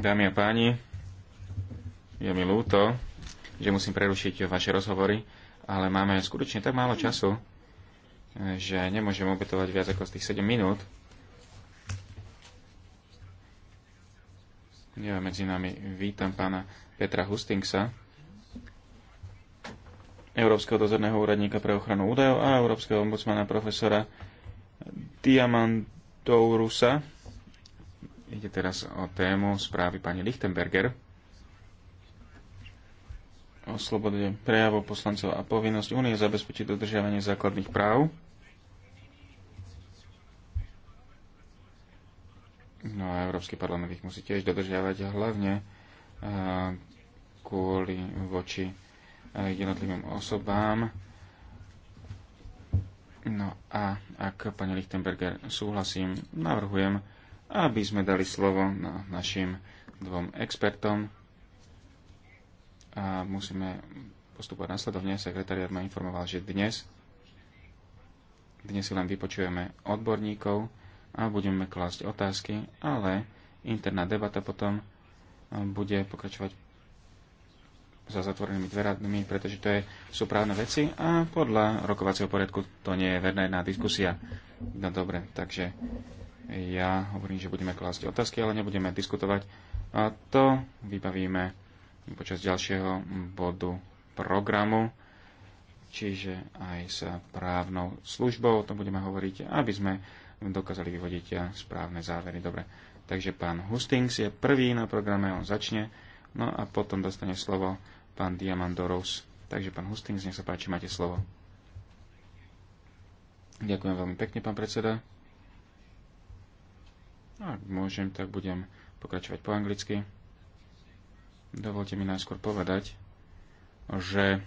Dámy a páni, je mi ľúto, že musím prerušiť vaše rozhovory, ale máme skutočne tak málo času, že nemôžem obetovať viac ako z tých 7 minút. Ja medzi nami vítam pána Petra Hustingsa, Európskeho dozorného úradníka pre ochranu údajov a Európskeho ombudsmana profesora Diamant Tourusa. Ide teraz o tému správy pani Lichtenberger o slobode prejavu poslancov a povinnosť únie zabezpečiť dodržiavanie základných práv. No a Európsky parlament ich musí tiež dodržiavať hlavne eh, kvôli voči eh, jednotlivým osobám No a ak, pani Lichtenberger, súhlasím, navrhujem, aby sme dali slovo na našim dvom expertom a musíme postupovať následovne. Sekretariat ma informoval, že dnes dnes si len vypočujeme odborníkov a budeme klásť otázky, ale interná debata potom bude pokračovať za zatvorenými dverami, pretože to je, sú právne veci a podľa rokovacieho poriadku to nie je verná jedná diskusia. No dobre, takže ja hovorím, že budeme klásť otázky, ale nebudeme diskutovať. A to vybavíme počas ďalšieho bodu programu, čiže aj s právnou službou, o tom budeme hovoriť, aby sme dokázali vyvodiť správne závery. Dobre, takže pán Hustings je prvý na programe, on začne, no a potom dostane slovo pán Diamandoros. Takže pán Hustings, nech sa páči, máte slovo. Ďakujem veľmi pekne, pán predseda. Ak môžem, tak budem pokračovať po anglicky. Dovolte mi najskôr povedať, že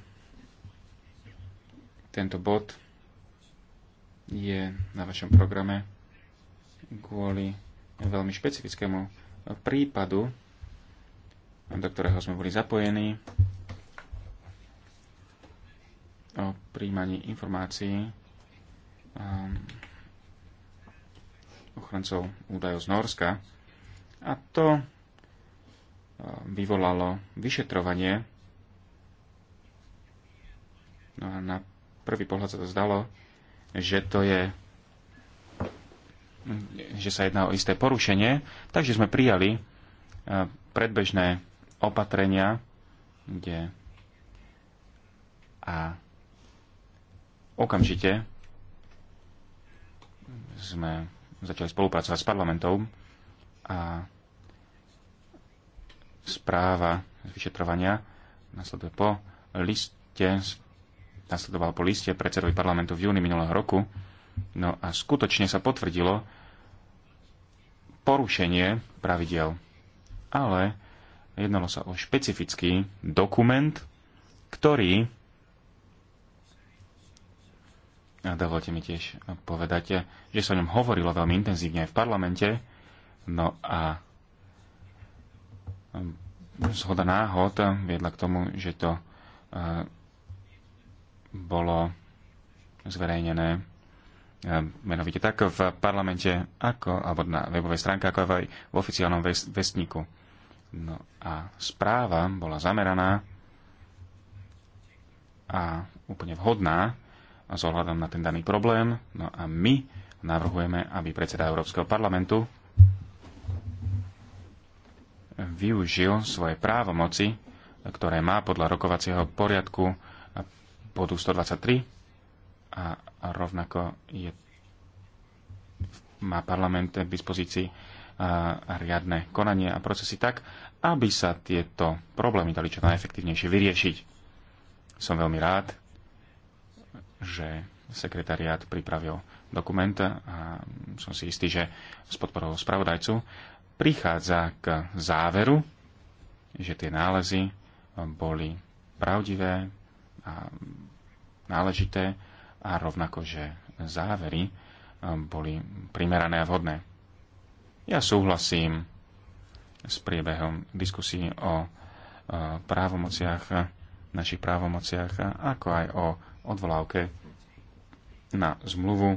tento bod je na vašom programe kvôli veľmi špecifickému prípadu, do ktorého sme boli zapojení o príjmaní informácií um, ochrancov údajov z Norska. A to uh, vyvolalo vyšetrovanie. No a na prvý pohľad sa to zdalo, že to je že sa jedná o isté porušenie, takže sme prijali uh, predbežné opatrenia, kde a okamžite sme začali spolupracovať s parlamentom a správa z vyšetrovania nasleduje po liste, nasledoval po liste predsedovi parlamentu v júni minulého roku. No a skutočne sa potvrdilo porušenie pravidel. Ale jednalo sa o špecifický dokument, ktorý a dovolte mi tiež povedať, že sa o ňom hovorilo veľmi intenzívne aj v parlamente. No a ehm, zhoda náhod viedla k tomu, že to ehm, bolo zverejnené ehm, menovite tak v parlamente, ako, alebo na webovej stránke, ako aj v oficiálnom vestníku. No a správa bola zameraná a úplne vhodná s ohľadom na ten daný problém. No a my navrhujeme, aby predseda Európskeho parlamentu využil svoje právomoci, ktoré má podľa rokovacieho poriadku bodu 123 a rovnako je, má parlament k dispozícii a riadne konanie a procesy tak, aby sa tieto problémy dali čo najefektívnejšie vyriešiť. Som veľmi rád, že sekretariát pripravil dokument a som si istý, že s podporou spravodajcu prichádza k záveru, že tie nálezy boli pravdivé a náležité a rovnako, že závery boli primerané a vhodné. Ja súhlasím s priebehom diskusí o e, právomociach, našich právomociach, ako aj o odvolávke na zmluvu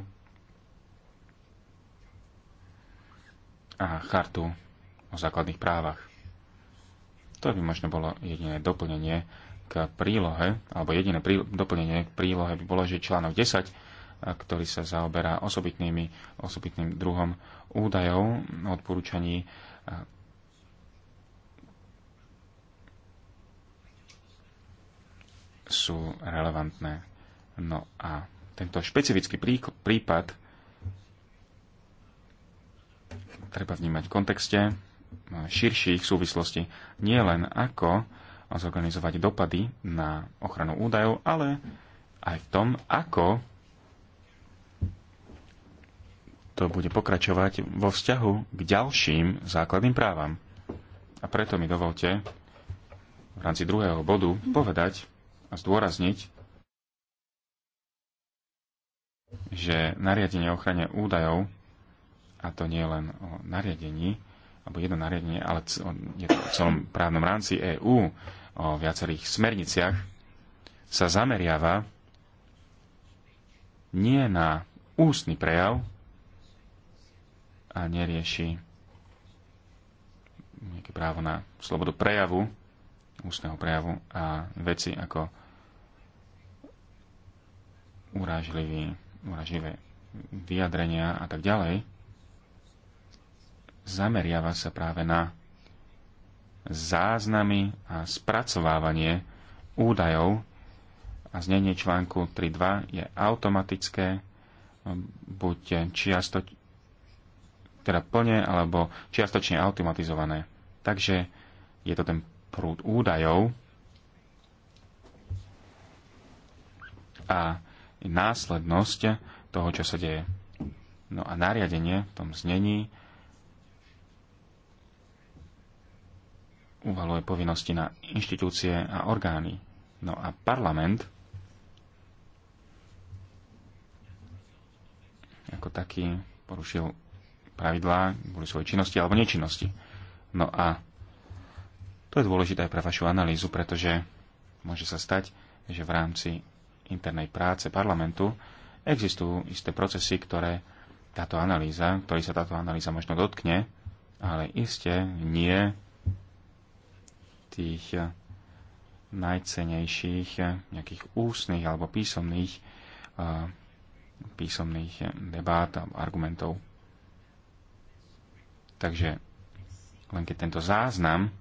a chartu o základných právach. To by možno bolo jediné doplnenie k prílohe, alebo jediné prí, doplnenie k prílohe by bolo, že článok 10, ktorý sa zaoberá osobitnými, osobitným druhom údajov, odporúčaní sú relevantné No a tento špecifický prípad treba vnímať v kontexte eh, širších súvislostí. Nie len ako zorganizovať dopady na ochranu údajov, ale aj v tom, ako to bude pokračovať vo vzťahu k ďalším základným právam. A preto mi dovolte v rámci druhého bodu povedať a zdôrazniť, že nariadenie o ochrane údajov, a to nie len o nariadení, alebo jedno nariadenie, ale je to v celom právnom rámci EÚ, o viacerých smerniciach, sa zameriava nie na ústny prejav a nerieši nejaké právo na slobodu prejavu, ústneho prejavu a veci ako urážlivý vážlivé vyjadrenia a tak ďalej, zameriava sa práve na záznamy a spracovávanie údajov a znenie článku 3.2 je automatické, buď čiasto, teda plne alebo čiastočne automatizované. Takže je to ten prúd údajov a následnosť toho, čo sa deje. No a nariadenie v tom znení uvaluje povinnosti na inštitúcie a orgány. No a parlament ako taký porušil pravidlá boli svojej činnosti alebo nečinnosti. No a to je dôležité aj pre vašu analýzu, pretože môže sa stať, že v rámci internej práce parlamentu existujú isté procesy, ktoré táto analýza, ktorý sa táto analýza možno dotkne, ale iste nie tých najcenejších nejakých ústnych alebo písomných písomných debát a argumentov. Takže len keď tento záznam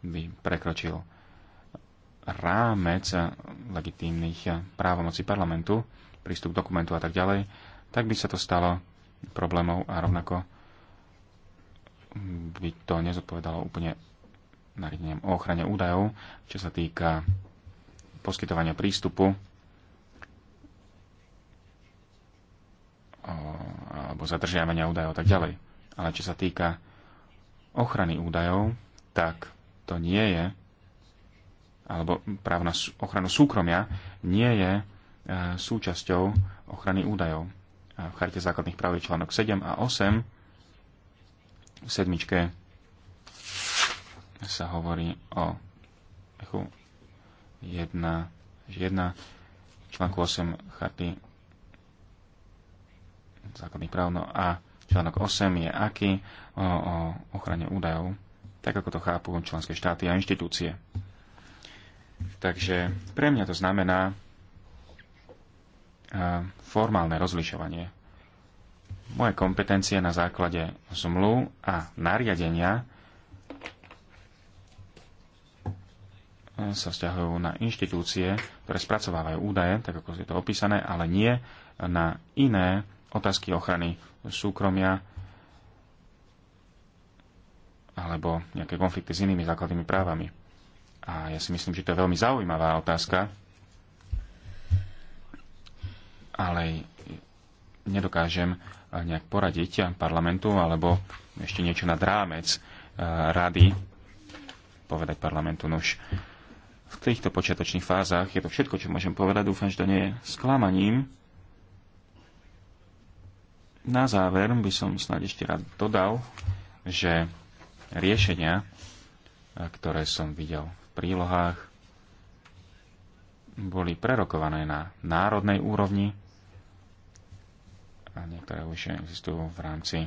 by prekročil rámec legitímnych právomocí parlamentu, prístup k dokumentu a tak ďalej, tak by sa to stalo problémov a rovnako by to nezodpovedalo úplne nariadeniam o ochrane údajov, čo sa týka poskytovania prístupu alebo zadržiavania údajov a tak ďalej. Ale čo sa týka ochrany údajov, tak to nie je alebo právo na ochranu súkromia nie je e, súčasťou ochrany údajov. A v charte základných práv je článok 7 a 8. V sedmičke sa hovorí o echu 1, 1 článku 8 charty základných práv. No a článok 8 je aký o, o ochrane údajov, tak ako to chápu členské štáty a inštitúcie. Takže pre mňa to znamená formálne rozlišovanie. Moje kompetencie na základe zmluv a nariadenia e, sa vzťahujú na inštitúcie, ktoré spracovávajú údaje, tak ako je to opísané, ale nie na iné otázky ochrany súkromia alebo nejaké konflikty s inými základnými právami. A ja si myslím, že to je veľmi zaujímavá otázka, ale nedokážem eh, nejak poradiť parlamentu alebo ešte niečo nad rámec eh, rady povedať parlamentu. Nož v týchto počiatočných fázach je to všetko, čo môžem povedať. Dúfam, že to nie je sklamaním. Na záver by som snad ešte rád dodal, že riešenia, eh, ktoré som videl prílohách boli prerokované na národnej úrovni a niektoré už existujú v rámci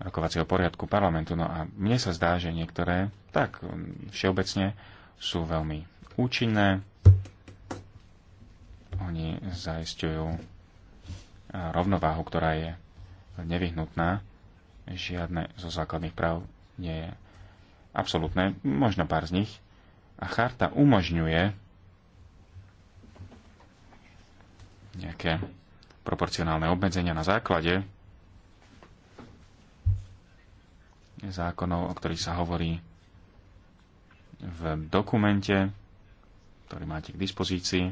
rokovacieho poriadku parlamentu. No a mne sa zdá, že niektoré tak všeobecne sú veľmi účinné. Oni zaistujú rovnováhu, ktorá je nevyhnutná. Žiadne zo základných práv nie je absolútne, možno pár z nich. A charta umožňuje nejaké proporcionálne obmedzenia na základe zákonov, o ktorých sa hovorí v dokumente, ktorý máte k dispozícii.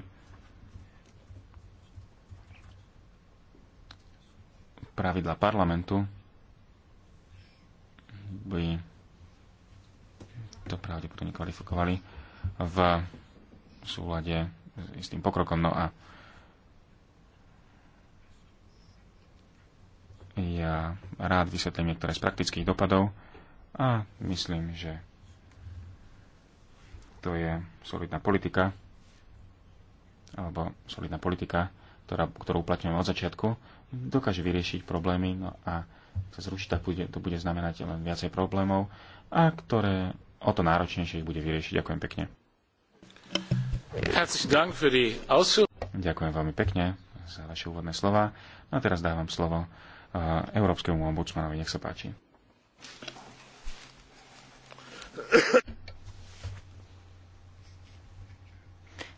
Pravidla parlamentu by to pravdepodobne kvalifikovali v súlade s istým pokrokom. No a ja rád vysvetlím niektoré z praktických dopadov a myslím, že to je solidná politika, alebo solidná politika, ktorá, ktorú uplatňujeme od začiatku, dokáže vyriešiť problémy, no a sa zrušiť, tak bude, to bude znamenať len viacej problémov, a ktoré o to náročnejšie ich bude vyriešiť. Ďakujem pekne. Ďakujem veľmi pekne za vaše úvodné slova. No a teraz dávam slovo eh, Európskemu ombudsmanovi. Nech sa páči.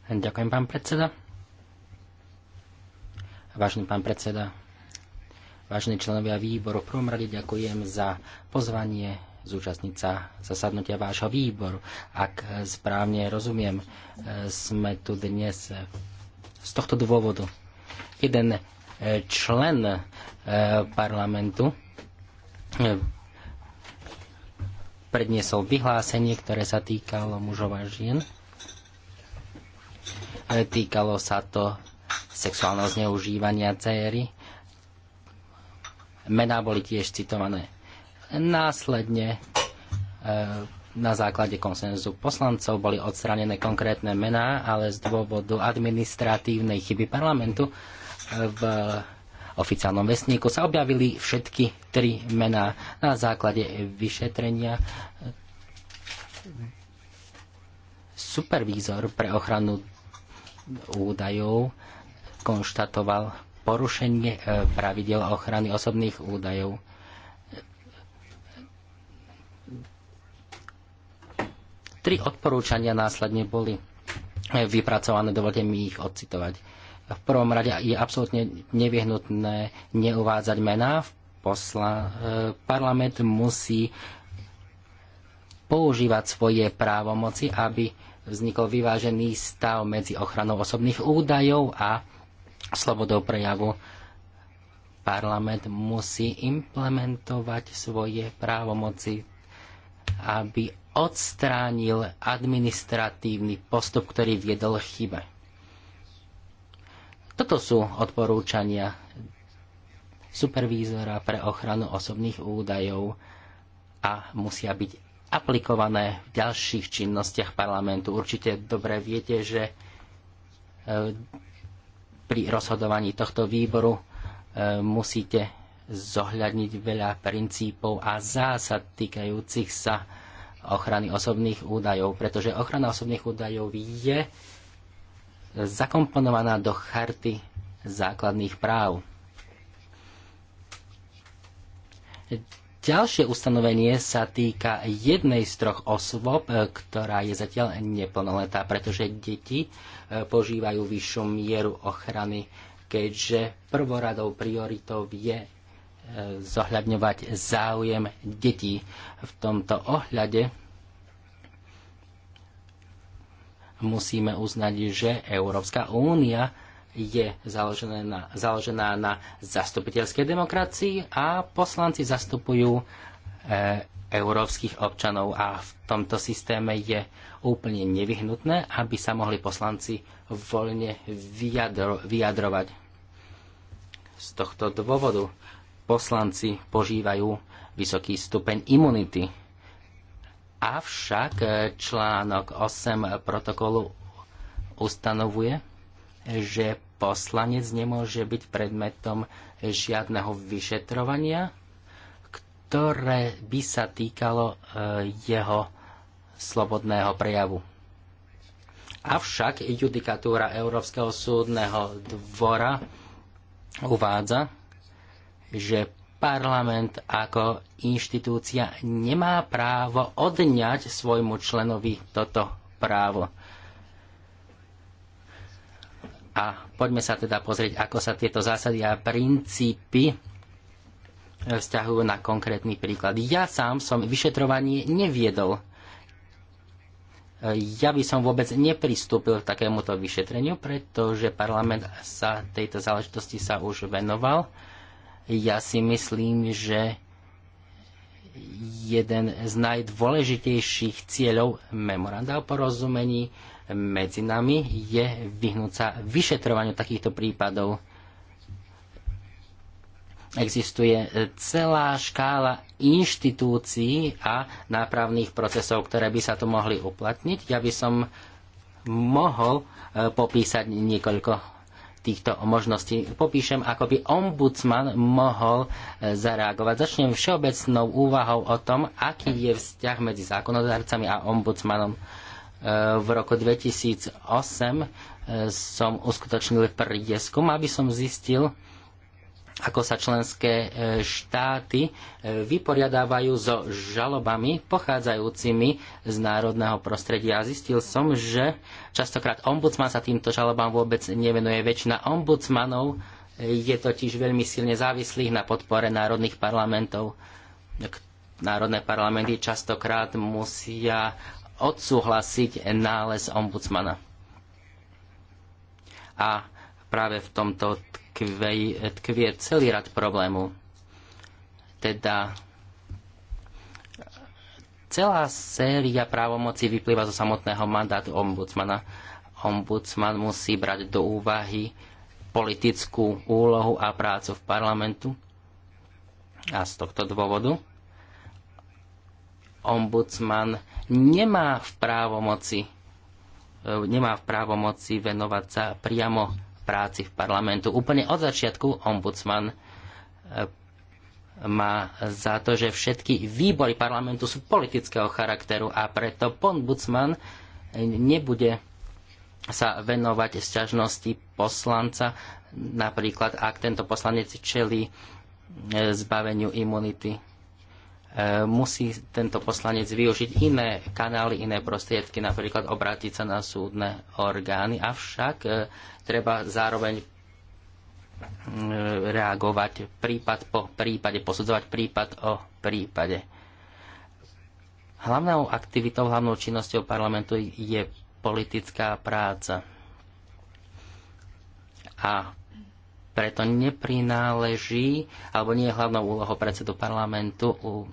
Ďakujem, pán predseda. Vážený pán predseda, vážení členovia výboru, v prvom rade ďakujem za pozvanie zúčastniť sa zasadnutia vášho výboru. Ak správne rozumiem, e, sme tu dnes z tohto dôvodu. Jeden e, člen e, parlamentu predniesol vyhlásenie, ktoré sa týkalo mužov a žien. Týkalo sa to sexuálneho zneužívania céry. Mená boli tiež citované. Následne e, na základe konsenzu poslancov boli odstranené konkrétne mená, ale z dôvodu administratívnej chyby parlamentu e, v oficiálnom vestníku sa objavili všetky tri mená na základe vyšetrenia supervízor pre ochranu údajov konštatoval porušenie e, pravidel ochrany osobných údajov Tri odporúčania následne boli eh, vypracované, dovolte mi ich odcitovať. V prvom rade je absolútne nevyhnutné neuvádzať mená. Posla, eh, parlament musí používať svoje právomoci, aby vznikol vyvážený stav medzi ochranou osobných údajov a slobodou prejavu. Parlament musí implementovať svoje právomoci, aby odstránil administratívny postup, ktorý viedol chybe. Toto sú odporúčania supervízora pre ochranu osobných údajov a musia byť aplikované v ďalších činnostiach parlamentu. Určite dobre viete, že e, pri rozhodovaní tohto výboru e, musíte zohľadniť veľa princípov a zásad týkajúcich sa ochrany osobných údajov, pretože ochrana osobných údajov je zakomponovaná do charty základných práv. Ďalšie ustanovenie sa týka jednej z troch osôb, e, ktorá je zatiaľ neplnoletá, pretože deti e, požívajú vyššiu mieru ochrany, keďže prvoradou prioritou je E, zohľadňovať záujem detí. V tomto ohľade musíme uznať, že Európska únia je založená na, založená na zastupiteľskej demokracii a poslanci zastupujú e, európskych občanov a v tomto systéme je úplne nevyhnutné, aby sa mohli poslanci voľne vyjadro, vyjadrovať. Z tohto dôvodu poslanci požívajú vysoký stupeň imunity. Avšak eh, článok 8 protokolu ustanovuje, že poslanec nemôže byť predmetom žiadneho vyšetrovania, ktoré by sa týkalo eh, jeho slobodného prejavu. Avšak judikatúra Európskeho súdneho dvora uvádza, že parlament ako inštitúcia nemá právo odňať svojmu členovi toto právo. A poďme sa teda pozrieť, ako sa tieto zásady a princípy e, vzťahujú na konkrétny príklad. Ja sám som vyšetrovanie neviedol. E, ja by som vôbec nepristúpil k takémuto vyšetreniu, pretože parlament sa tejto záležitosti sa už venoval ja si myslím, že jeden z najdôležitejších cieľov memoranda o porozumení medzi nami je vyhnúť sa vyšetrovaniu takýchto prípadov. Existuje celá škála inštitúcií a nápravných procesov, ktoré by sa tu mohli uplatniť. Ja by som mohol eh, popísať niekoľko týchto možností. Popíšem, ako by ombudsman mohol e, zareagovať. Začnem všeobecnou úvahou o tom, aký je vzťah medzi zákonodárcami a ombudsmanom. E, v roku 2008 e, som uskutočnil prieskum, aby som zistil, ako sa členské e, štáty e, vyporiadávajú so žalobami pochádzajúcimi z národného prostredia. A zistil som, že častokrát ombudsman sa týmto žalobám vôbec nevenuje. Väčšina ombudsmanov e, je totiž veľmi silne závislých na podpore národných parlamentov. Národné parlamenty častokrát musia odsúhlasiť nález ombudsmana. A práve v tomto tkvie, tkvie celý rad problémov. Teda celá séria právomocí vyplýva zo samotného mandátu ombudsmana. Ombudsman musí brať do úvahy politickú úlohu a prácu v parlamentu. A z tohto dôvodu ombudsman nemá v právomoci e, nemá v právomoci venovať sa priamo práci v parlamentu. Úplne od začiatku ombudsman e, má za to, že všetky výbory parlamentu sú politického charakteru a preto ombudsman nebude sa venovať sťažnosti poslanca, napríklad ak tento poslanec čelí e, zbaveniu imunity E, musí tento poslanec využiť iné kanály, iné prostriedky, napríklad obrátiť sa na súdne orgány, avšak e, treba zároveň e, reagovať prípad po prípade, posudzovať prípad o prípade. Hlavnou aktivitou, hlavnou činnosťou parlamentu je politická práca. A preto neprináleží, alebo nie je hlavnou úlohou predsedu parlamentu u,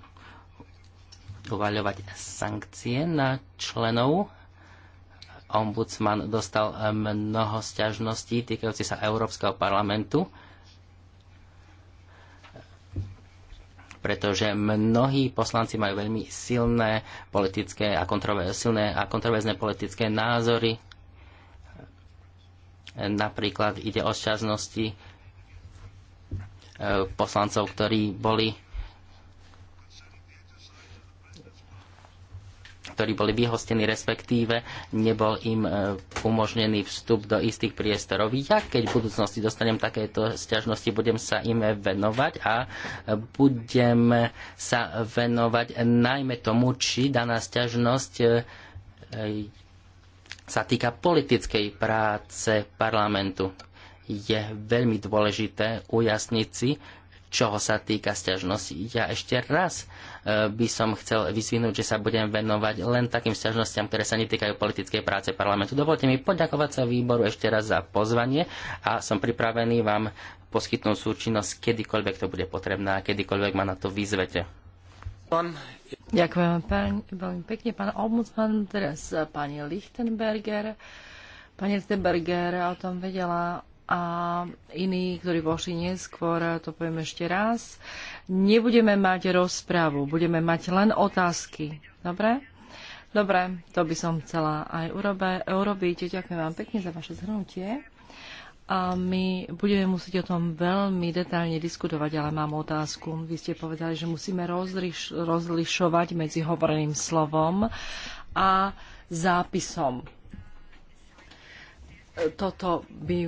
uvaľovať sankcie na členov. Ombudsman dostal mnoho sťažností týkajúci sa Európskeho parlamentu, pretože mnohí poslanci majú veľmi silné politické a silné a kontroverzné politické názory. Napríklad ide o sťažnosti poslancov, ktorí boli ktorí boli vyhostení, respektíve nebol im e, umožnený vstup do istých priestorov. Ja, keď v budúcnosti dostanem takéto sťažnosti, budem sa im venovať a budem sa venovať najmä tomu, či daná sťažnosť e, e, sa týka politickej práce parlamentu je veľmi dôležité ujasniť si, čoho sa týka sťažnosti. Ja ešte raz e, by som chcel vyzvinúť, že sa budem venovať len takým sťažnostiam, ktoré sa netýkajú politickej práce parlamentu. Dovolte mi poďakovať sa výboru ešte raz za pozvanie a som pripravený vám poskytnúť súčinnosť, kedykoľvek to bude potrebné a kedykoľvek ma na to vyzvete. Ďakujem pán, veľmi pekne, pán ombudsman, teraz pani Lichtenberger. Pani Lichtenberger o tom vedela a iní, ktorí vošli neskôr, to poviem ešte raz. Nebudeme mať rozprávu, budeme mať len otázky. Dobre? Dobre, to by som chcela aj urobiť. Ďakujem vám pekne za vaše zhrnutie. A my budeme musieť o tom veľmi detailne diskutovať, ale mám otázku. Vy ste povedali, že musíme rozliš- rozlišovať medzi hovoreným slovom a zápisom toto by,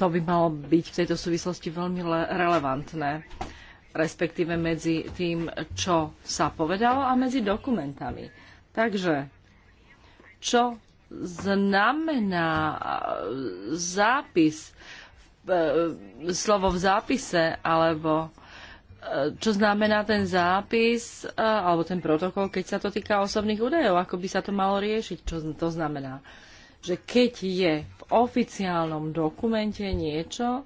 to by malo byť v tejto súvislosti veľmi relevantné, respektíve medzi tým, čo sa povedalo a medzi dokumentami. Takže, čo znamená e, zápis, e, slovo v zápise, alebo e, čo znamená ten zápis alebo ten protokol, keď sa to týka osobných údajov, ako by sa to malo riešiť, čo to znamená. Uh, že keď je v oficiálnom dokumente niečo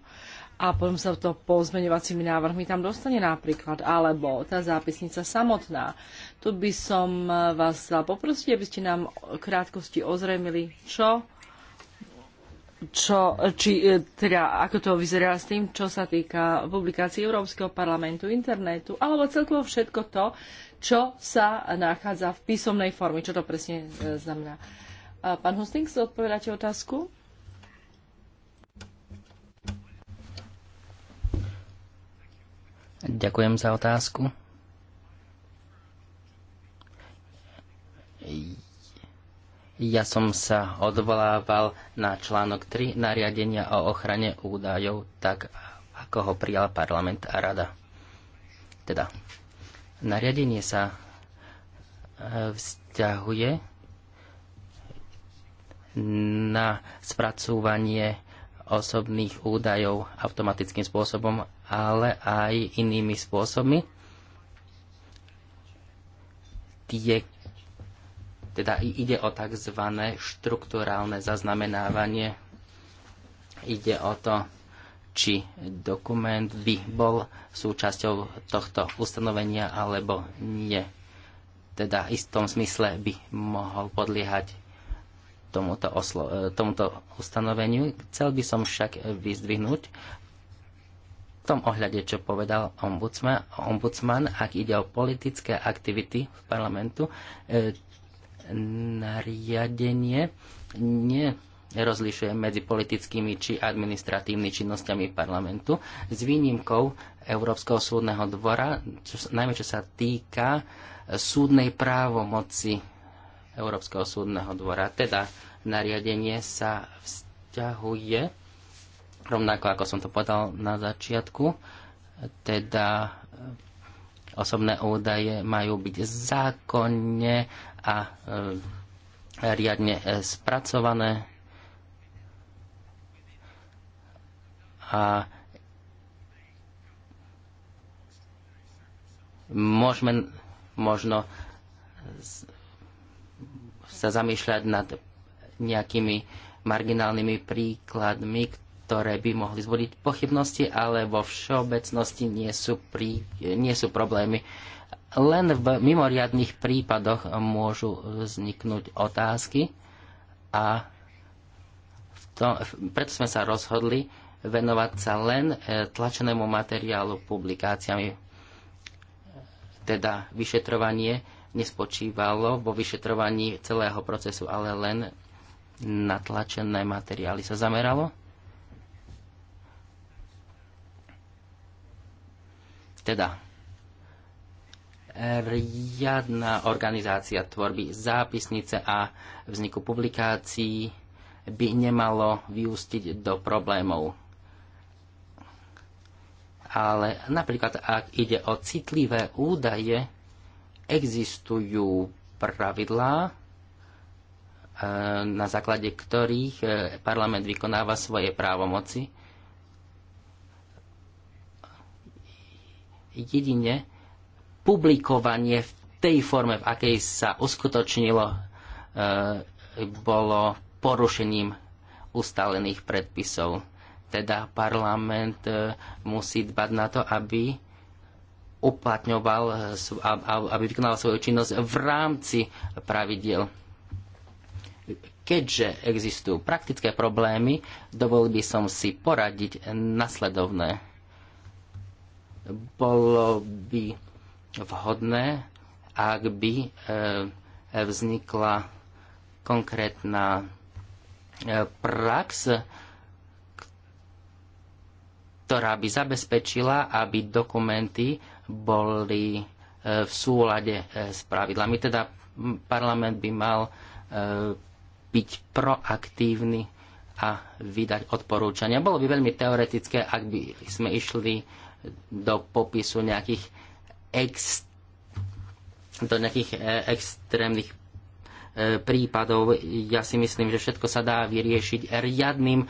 a potom sa to pozmeňovacími návrhmi tam dostane napríklad, alebo tá zápisnica samotná. Tu by som e, vás chcela poprosiť, aby ste nám krátkosti ozremili, čo čo, e, či, e, teda, ako to vyzerá s tým, čo sa týka publikácií Európskeho parlamentu, internetu, alebo celkovo všetko to, čo sa nachádza v písomnej forme, čo to presne znamená. A pán Hustings, otázku? Ďakujem za otázku. Ja som sa odvolával na článok 3 nariadenia o ochrane údajov, tak ako ho prijal parlament a rada. Teda, nariadenie sa e, vzťahuje na spracúvanie osobných údajov automatickým spôsobom, ale aj inými spôsobmi. Tie, teda ide o tzv. štruktúrálne zaznamenávanie. Ide o to, či dokument by bol súčasťou tohto ustanovenia alebo nie. Teda v istom smysle by mohol podliehať tomuto, oslo- e, tomuto ustanoveniu. Chcel by som však vyzdvihnúť v tom ohľade, čo povedal ombudsman, ombudsman ak ide o politické aktivity v parlamentu, nariadenie nariadenie nerozlišuje medzi politickými či administratívnymi činnosťami parlamentu, s výnimkou Európskeho súdneho dvora, čo, najmä čo sa týka súdnej právomoci Európskeho súdneho dvora. Teda nariadenie sa vzťahuje, rovnako ako som to povedal na začiatku, teda osobné údaje majú byť zákonne a e, riadne e, spracované a môžeme možno sa zamýšľať nad nejakými marginálnymi príkladmi, ktoré by mohli zbudiť pochybnosti, ale vo všeobecnosti nie sú, prí, nie sú problémy. Len v mimoriadných prípadoch môžu vzniknúť otázky a v preto sme sa rozhodli venovať sa len e, tlačenému materiálu publikáciami, teda vyšetrovanie nespočívalo vo vyšetrovaní celého procesu, ale len na tlačené materiály sa zameralo. Teda, riadna organizácia tvorby zápisnice a vzniku publikácií by nemalo vyústiť do problémov. Ale napríklad, ak ide o citlivé údaje, existujú pravidlá, e, na základe ktorých e, parlament vykonáva svoje právomoci. Jedine publikovanie v tej forme, v akej sa uskutočnilo, e, bolo porušením ustalených predpisov. Teda parlament musí dbať na to, aby uplatňoval, eh, aby vykonal svoju činnosť v rámci pravidiel. Keďže existujú praktické problémy, dovolil by som si poradiť nasledovné. Bolo by vhodné, ak by eh, vznikla konkrétna eh, prax, ktorá by zabezpečila, aby dokumenty boli e, v súlade e, s pravidlami. Teda parlament by mal e, byť proaktívny a vydať odporúčania. Bolo by veľmi teoretické, ak by sme išli do popisu nejakých ex, do nejakých extrémnych prípadov. Ja si myslím, že všetko sa dá vyriešiť riadnym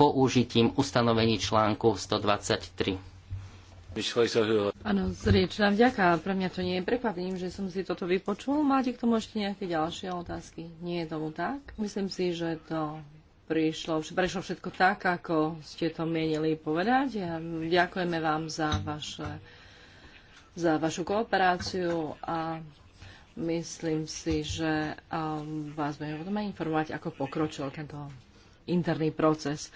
použitím ustanovení článku 123. Áno, zriečná vďaka. Pre mňa to nie je prekvapím, že som si toto vypočul. Máte k tomu ešte nejaké ďalšie otázky? Nie je tomu tak? Myslím si, že to prišlo, prešlo všetko tak, ako ste to mienili povedať. Ja ďakujeme vám za, vaše, za vašu kooperáciu a myslím si, že um, vás budeme informovať, ako pokročil tento interný proces.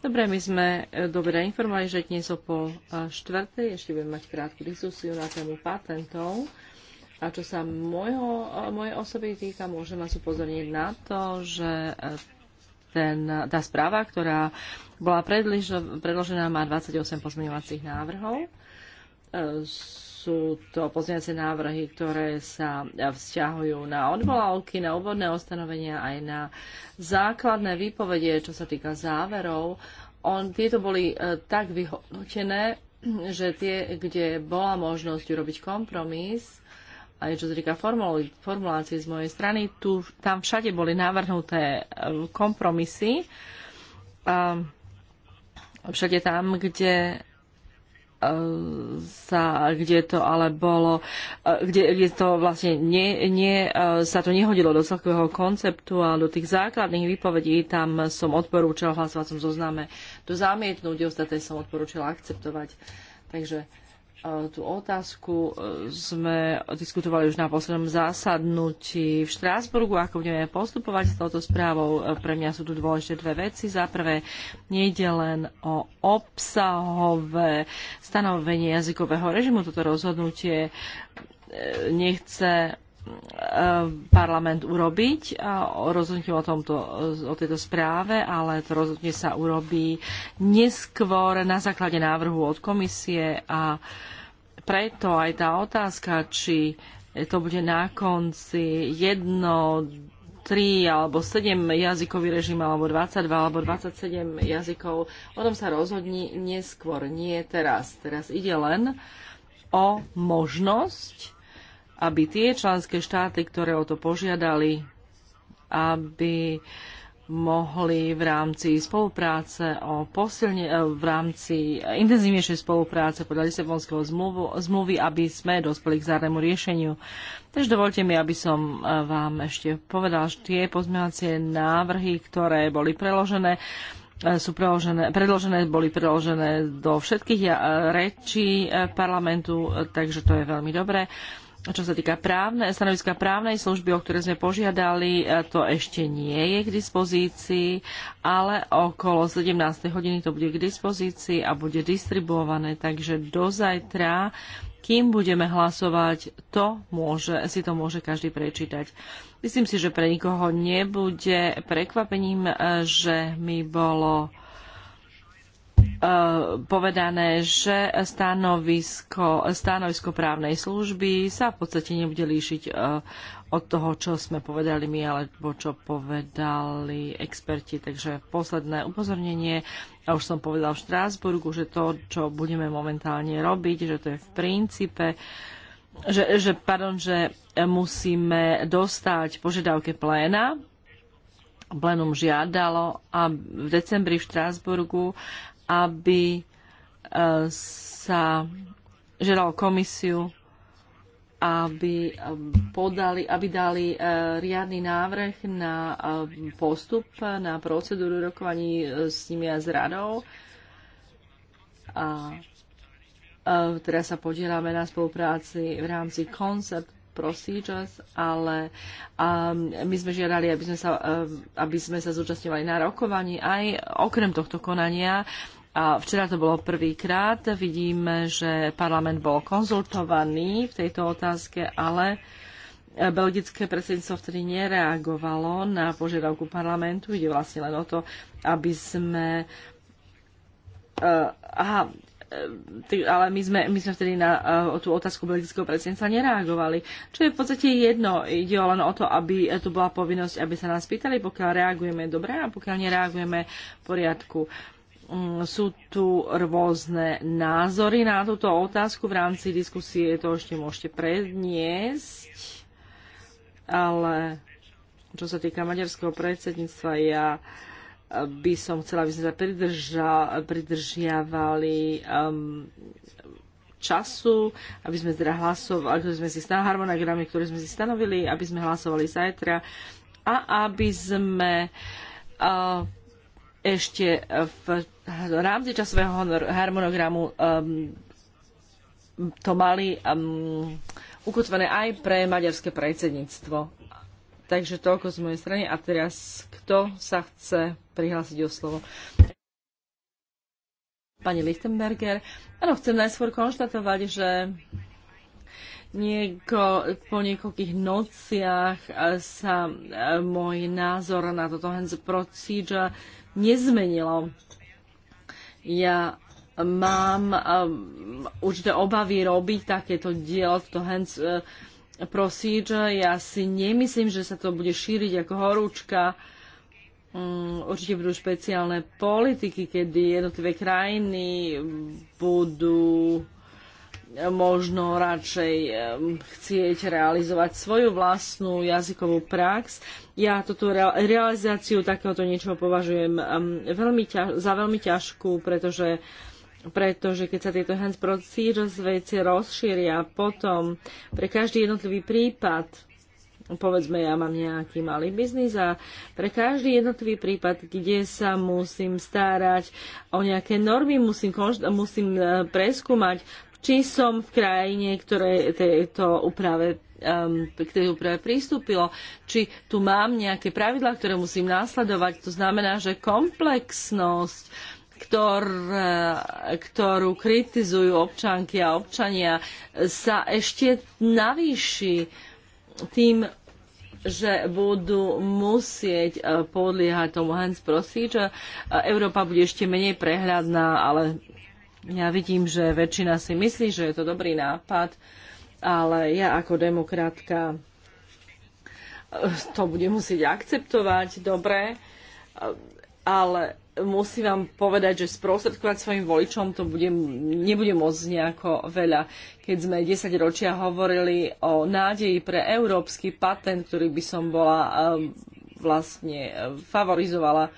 Dobre, my sme e, dobre informovali, že dnes o pol e, štvrtej ešte budeme mať krátku diskusiu na tému patentov. A čo sa môjho, e, mojej osoby týka, môžem vás upozorniť na to, že ten, tá správa, ktorá bola predložená, má 28 pozmeňovacích návrhov sú to pozniace návrhy, ktoré sa vzťahujú na odvolávky, na úvodné ustanovenia aj na základné výpovede, čo sa týka záverov. On, tieto boli e, tak vyhodnotené, že tie, kde bola možnosť urobiť kompromis, aj čo sa týka formulácie z mojej strany, tu, tam všade boli navrhnuté e, kompromisy. A všade tam, kde sa, kde to ale bolo, eh, kde, kde to vlastne nie, nie, eh, sa to nehodilo do celkového konceptu a do tých základných výpovedí, tam som odporúčala v hlasovacom zozname to zamietnúť, ostatné som odporúčala akceptovať. Takže E, tú otázku e, sme diskutovali už na poslednom zásadnutí v Štrásburgu, ako budeme postupovať s touto správou. E, pre mňa sú tu dôležité dve veci. Za prvé, nejde len o obsahové stanovenie jazykového režimu. Toto rozhodnutie nechce E, parlament urobiť e, Rozhodnutie o, tomto, e, o tejto správe, ale to rozhodnutie sa urobí neskôr na základe návrhu od komisie a preto aj tá otázka, či to bude na konci jedno, tri alebo sedem jazykový režim alebo 22 alebo 27 jazykov, o tom sa rozhodní neskôr, nie teraz. Teraz ide len o možnosť aby tie členské štáty, ktoré o to požiadali, aby mohli v rámci spolupráce o posilne, eh, v rámci intenzívnejšej spolupráce podľa Lisabonského zmluvu, zmluvy, aby sme dospeli k zárnemu riešeniu. Takže dovolte mi, aby som eh, vám ešte povedal, že tie pozmeňovacie návrhy, ktoré boli preložené, eh, sú preložené, predložené, boli preložené do všetkých rečí parlamentu, takže to je veľmi dobré. Čo sa týka právne, stanoviska právnej služby, o ktoré sme požiadali, e, to ešte nie je k dispozícii, ale okolo 17. hodiny to bude k dispozícii a bude distribuované, takže do zajtra, kým budeme hlasovať, to môže, si to môže každý prečítať. Myslím si, že pre nikoho nebude prekvapením, e, že mi bolo Eh, povedané, že stanovisko, stanovisko právnej služby sa v podstate nebude líšiť eh, od toho, čo sme povedali my, alebo čo povedali experti. Takže posledné upozornenie, ja už som povedal v Štrásburgu, že to, čo budeme momentálne robiť, že to je v princípe že, že, pardon, že musíme dostať požiadavke pléna. Plénum žiadalo a v decembri v Štrásburgu, aby e, sa žeral komisiu, aby e, podali, aby dali e, riadny návrh na postup, na procedúru rokovaní s nimi a s radou. A teraz sa podielame na spolupráci v rámci koncept procedures, ale um, my sme žiadali, aby sme, sa, um, aby sme sa zúčastňovali na rokovaní aj okrem tohto konania Včera to bolo prvýkrát. Vidíme, že parlament bol konzultovaný v tejto otázke, ale belgické predsedníctvo vtedy nereagovalo na požiadavku parlamentu. Ide vlastne len o to, aby sme... Eh, aha, eh, ale my sme, my sme vtedy na eh, tú otázku belgického predsedníctva nereagovali. Čo je v podstate jedno. Ide len o to, aby tu bola povinnosť, aby sa nás pýtali, pokiaľ reagujeme dobre a pokiaľ nereagujeme v poriadku. Mm, sú tu rôzne názory na túto otázku. V rámci diskusie to ešte môžete predniesť, ale čo sa týka maďarského predsedníctva, ja by som chcela, aby sme sa pridržiavali um, času, aby sme teda hlasovali, aby sme si stanovili harmonogramy, ktoré sme si stanovili, aby sme hlasovali zajtra a aby sme uh, ešte v v rámci časového harmonogramu um, to mali um, ukotvené aj pre maďarské predsedníctvo. Takže toľko z mojej strany. A teraz, kto sa chce prihlásiť o slovo? Pani Lichtenberger. Áno, chcem najskôr konštatovať, že nieko, po niekoľkých nociach sa eh, môj názor na toto hands procedure nezmenilo ja mám um, určité obavy robiť takéto dielo, to hands uh, procedure. Ja si nemyslím, že sa to bude šíriť ako horúčka. Um, určite budú špeciálne politiky, kedy jednotlivé krajiny budú možno radšej chcieť realizovať svoju vlastnú jazykovú prax. Ja túto realizáciu takéhoto niečoho považujem veľmi ťaž, za veľmi ťažkú, pretože pretože keď sa tieto hands procedures veci rozšíria potom pre každý jednotlivý prípad povedzme, ja mám nejaký malý biznis a pre každý jednotlivý prípad, kde sa musím starať o nejaké normy, musím, musím eh, preskúmať, či som v krajine, ktoré tejto uprave um, k tej úprave pristúpilo, či tu mám nejaké pravidlá, ktoré musím následovať. To znamená, že komplexnosť, ktor, ktorú kritizujú občanky a občania, sa ešte navýši tým, že budú musieť eh, podliehať tomu Hans Procedure. Eh, Európa bude ešte menej prehľadná, ale ja vidím, že väčšina si myslí, že je to dobrý nápad, ale ja ako demokratka eh, to budem musieť akceptovať, dobre, eh, ale musím vám povedať, že sprostredkovať svojim voličom to bude, nebude môcť nejako veľa. Keď sme 10 ročia hovorili o nádeji pre európsky patent, ktorý by som bola eh, vlastne favorizovala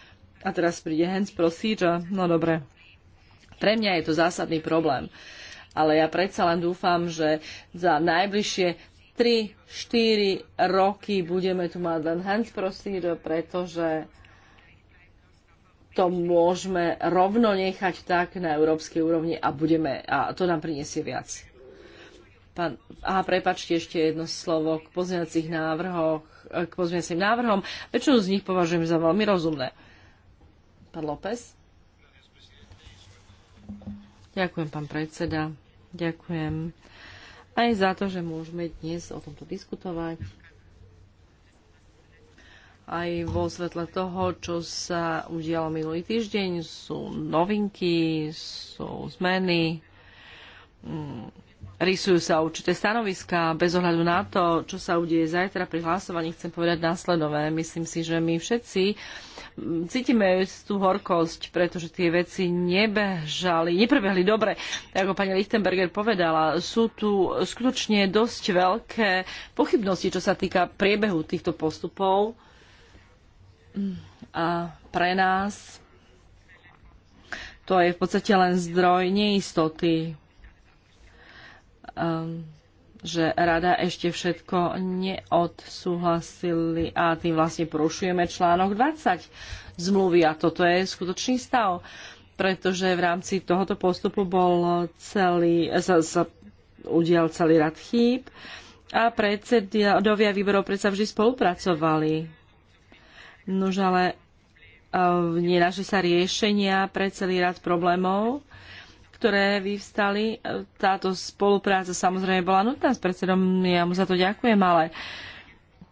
a teraz príde hands procedure, no dobre. Pre mňa je to zásadný problém. Ale ja predsa len dúfam, že za najbližšie 3-4 roky budeme tu mať len Hans Procedure, pretože to môžeme rovno nechať tak na európskej úrovni a, budeme, a to nám prinesie viac. Pán, aha, prepačte ešte jedno slovo k pozmeňacích návrhoch, k pozmeňacím návrhom. Väčšinu z nich považujem za veľmi rozumné. Pán López? Ďakujem, pán predseda. Ďakujem aj za to, že môžeme dnes o tomto diskutovať. Aj vo svetle toho, čo sa udialo minulý týždeň, sú novinky, sú zmeny mm rysujú sa určité stanoviská bez ohľadu na to, čo sa udeje zajtra pri hlasovaní, chcem povedať následové. Myslím si, že my všetci mm, cítime tú horkosť, pretože tie veci nebežali, neprebehli dobre. Ako pani Lichtenberger povedala, sú tu skutočne dosť veľké pochybnosti, čo sa týka priebehu týchto postupov. Mm, a pre nás to je v podstate len zdroj neistoty um, že rada ešte všetko neodsúhlasili a tým vlastne porušujeme článok 20 zmluvy a toto je skutočný stav, pretože v rámci tohoto postupu bol celý, sa, sa udial celý rad chýb a predsedovia výborov predsa vždy spolupracovali. Nož ale ehm, nenašli sa riešenia pre celý rad problémov ktoré vyvstali. E, táto spolupráca samozrejme bola nutná s predsedom, ja mu za to ďakujem, ale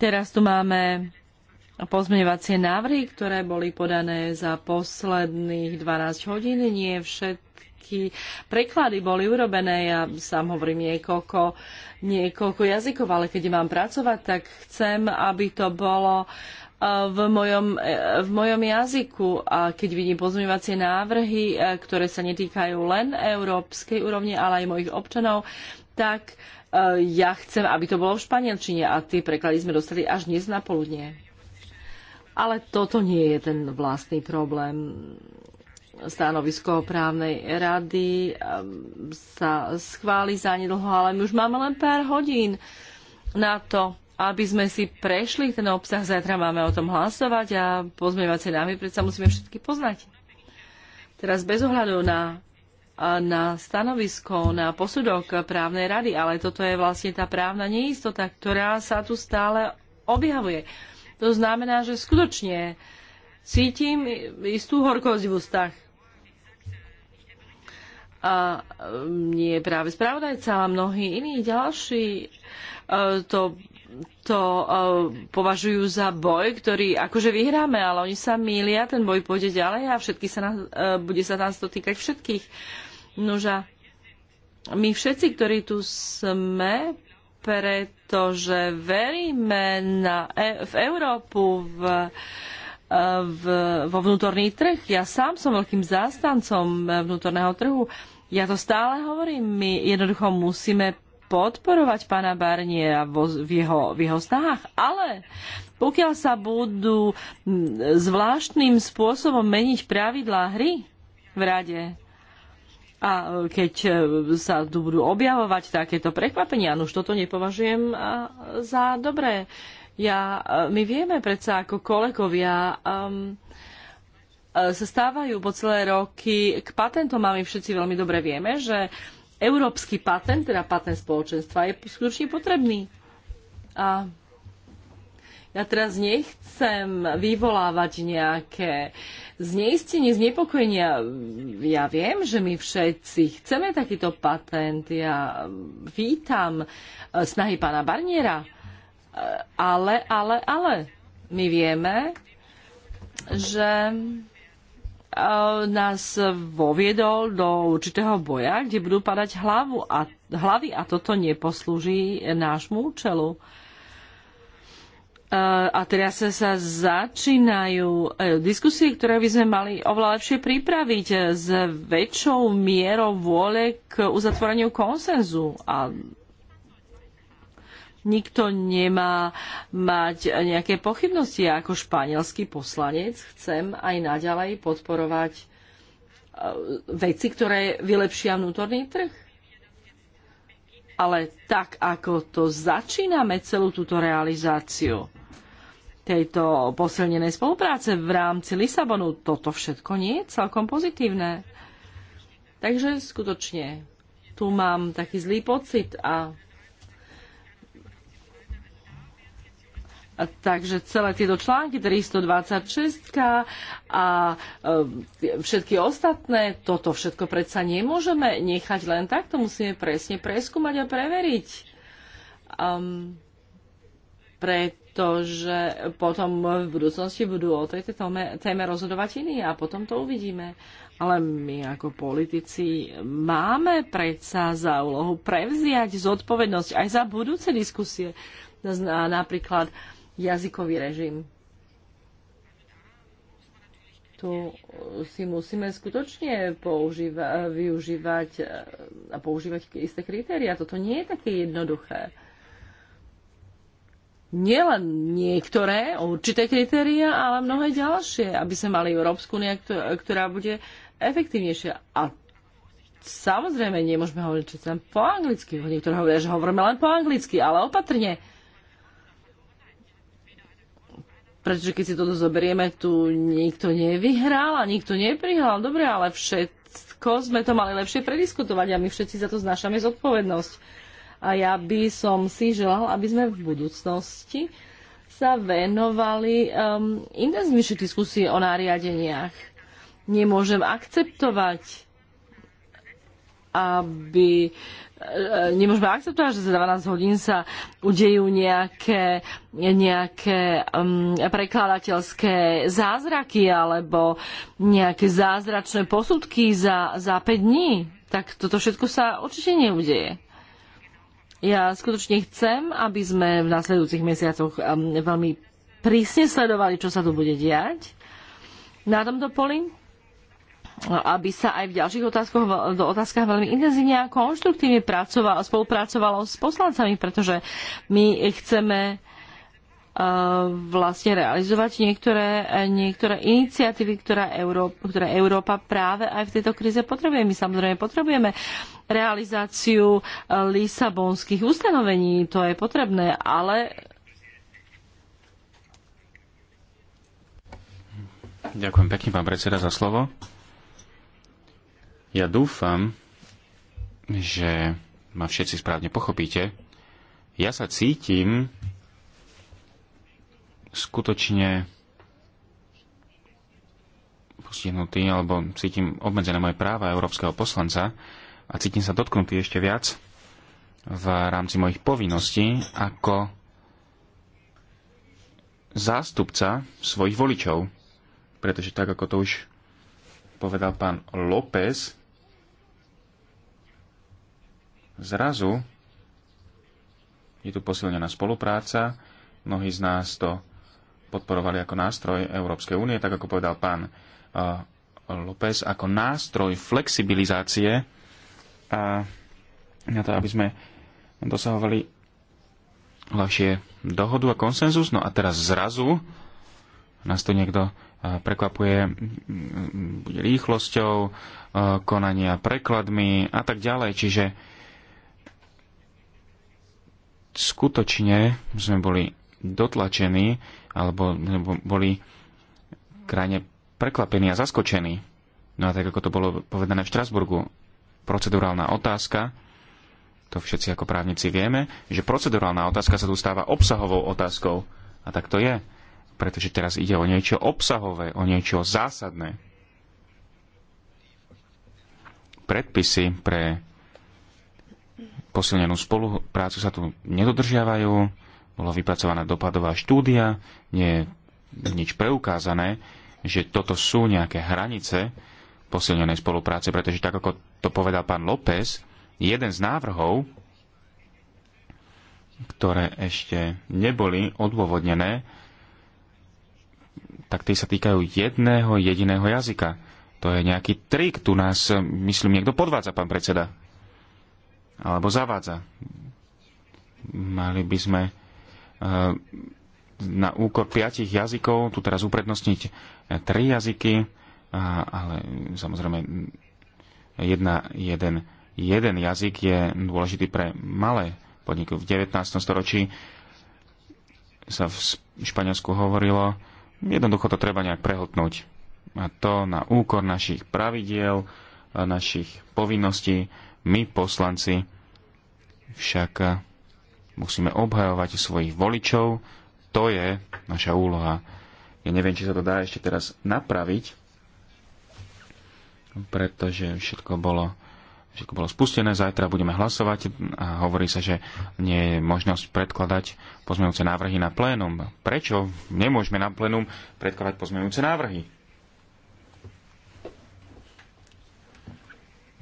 teraz tu máme pozmeňovacie návrhy, ktoré boli podané za posledných 12 hodín. Nie všetky preklady boli urobené. Ja sám hovorím niekoľko, niekoľko jazykov, ale keď mám pracovať, tak chcem, aby to bolo uh, v mojom, e, v mojom jazyku a keď vidím pozmývacie návrhy, e, ktoré sa netýkajú len európskej úrovne, ale aj mojich občanov, tak e, ja chcem, aby to bolo v španielčine a tie preklady sme dostali až dnes na poludne. Ale toto nie je ten vlastný problém. Stanovisko právnej rady sa schváli zanedlho, ale my už máme len pár hodín na to, aby sme si prešli ten obsah. Zajtra máme o tom hlasovať a sa námi, predsa musíme všetky poznať. Teraz bez ohľadu na, na stanovisko, na posudok právnej rady, ale toto je vlastne tá právna neistota, ktorá sa tu stále objavuje. To znamená, že skutočne cítim istú horkosť v ústach. A mm, nie práve spravodajca, ale mnohí iní ďalší e, to to e, považujú za boj, ktorý akože vyhráme, ale oni sa mýlia, ten boj pôjde ďalej a všetky sa nás, e, bude sa nás to týkať všetkých. Nože my všetci, ktorí tu sme, pretože veríme na, e, v Európu, v, e, v, vo vnútorný trh. Ja sám som veľkým zástancom vnútorného trhu. Ja to stále hovorím, my jednoducho musíme podporovať pána Barniera v jeho, v jeho snahách, ale pokiaľ sa budú zvláštnym spôsobom meniť pravidlá hry v rade, a e, keď e, sa tu budú objavovať takéto prekvapenia, no už toto nepovažujem za dobré. Ja, e, my vieme predsa ako kolegovia, um, sa stávajú po celé roky k patentom a my všetci veľmi dobre vieme, že európsky patent, teda patent spoločenstva, je skutočne potrebný. A ja teraz nechcem vyvolávať nejaké zneistenie, znepokojenia. Ja viem, že my všetci chceme takýto patent. Ja vítam e, snahy pána Barniera. E, ale, ale, ale. My vieme, že Eh, nás voviedol do určitého boja, kde budú padať hlavu a, hlavy a toto neposlúži nášmu účelu. Eh, a teraz sa začínajú eh, diskusie, ktoré by sme mali oveľa lepšie pripraviť s väčšou mierou vôle k uzatvoreniu konsenzu. A nikto nemá mať nejaké pochybnosti. Ja ako španielský poslanec chcem aj naďalej podporovať e, veci, ktoré vylepšia vnútorný trh. Ale tak, ako to začíname celú túto realizáciu tejto posilnenej spolupráce v rámci Lisabonu, toto všetko nie je celkom pozitívne. Takže skutočne, tu mám taký zlý pocit a Takže celé tieto články, 326 a e, všetky ostatné, toto všetko predsa nemôžeme nechať len tak, to musíme presne preskúmať a preveriť. Um, pretože potom v budúcnosti budú o tejto téme, téme rozhodovať iní a potom to uvidíme. Ale my ako politici máme predsa za úlohu prevziať zodpovednosť aj za budúce diskusie. Napríklad jazykový režim. Tu si musíme skutočne používa, využívať e, a používať isté kritéria. Toto nie je také jednoduché. Nielen niektoré, určité kritéria, ale mnohé ďalšie, aby sme mali Európsku úniu, ktorá bude efektívnejšia. A samozrejme nemôžeme hovoriť že len po anglicky. Niektorí hovoria, že hovoríme len po anglicky, ale opatrne. Pretože keď si toto zoberieme, tu nikto nevyhral a nikto neprihral. Dobre, ale všetko sme to mali lepšie prediskutovať a my všetci za to znášame zodpovednosť. A ja by som si želal, aby sme v budúcnosti sa venovali um, intenzívnejšie diskusie o nariadeniach. Nemôžem akceptovať, aby E, nemôžeme akceptovať, že za 12 hodín sa udejú nejaké, nejaké um, prekladateľské zázraky alebo nejaké zázračné posudky za, za 5 dní. Tak toto všetko sa určite neudeje. Ja skutočne chcem, aby sme v nasledujúcich mesiacoch um, veľmi prísne sledovali, čo sa tu bude diať na tomto poli aby sa aj v ďalších otázkach, do otázkach veľmi intenzívne a konštruktívne pracovalo, spolupracovalo s poslancami, pretože my chceme e, vlastne realizovať niektoré, e, niektoré iniciatívy, ktoré Európa, ktoré Európa práve aj v tejto kríze potrebuje. My samozrejme potrebujeme realizáciu e, lisabonských ustanovení, to je potrebné, ale. Ďakujem pekne, pán predseda, za slovo. Ja dúfam, že ma všetci správne pochopíte. Ja sa cítim skutočne postihnutý, alebo cítim obmedzené moje práva európskeho poslanca a cítim sa dotknutý ešte viac v rámci mojich povinností ako zástupca svojich voličov. Pretože tak, ako to už povedal pán López, Zrazu je tu posilnená spolupráca. Mnohí z nás to podporovali ako nástroj Európskej únie, tak ako povedal pán eh, López, ako nástroj flexibilizácie a na to, aby sme dosahovali ľahšie dohodu a konsenzus. No a teraz zrazu nás to niekto eh, prekvapuje rýchlosťou eh, konania, prekladmi a tak ďalej. Čiže skutočne sme boli dotlačení alebo boli krajne prekvapení a zaskočení. No a tak ako to bolo povedané v Štrasburgu, procedurálna otázka, to všetci ako právnici vieme, že procedurálna otázka sa tu stáva obsahovou otázkou. A tak to je, pretože teraz ide o niečo obsahové, o niečo zásadné. Predpisy pre posilnenú spoluprácu sa tu nedodržiavajú, bola vypracovaná dopadová štúdia, nie je nič preukázané, že toto sú nejaké hranice posilnenej spolupráce, pretože tak ako to povedal pán López, jeden z návrhov, ktoré ešte neboli odôvodnené, tak tie sa týkajú jedného jediného jazyka. To je nejaký trik, tu nás, myslím, niekto podvádza, pán predseda alebo zavádza. Mali by sme e, na úkor piatich jazykov, tu teraz uprednostniť e, tri jazyky, ale samozrejme jedna, jeden, jeden jazyk je dôležitý pre malé podniky. V 19. storočí sa v Španielsku hovorilo, jednoducho to treba nejak prehltnúť. A to na úkor našich pravidiel, našich povinností, my, poslanci, však eh, musíme obhajovať svojich voličov. To je naša úloha. Ja neviem, či sa to dá ešte teraz napraviť, pretože všetko bolo, všetko bolo spustené. Zajtra budeme hlasovať a hovorí sa, že nie je možnosť predkladať pozmeňujúce návrhy na plénum. Prečo nemôžeme na plénum predkladať pozmeňujúce návrhy?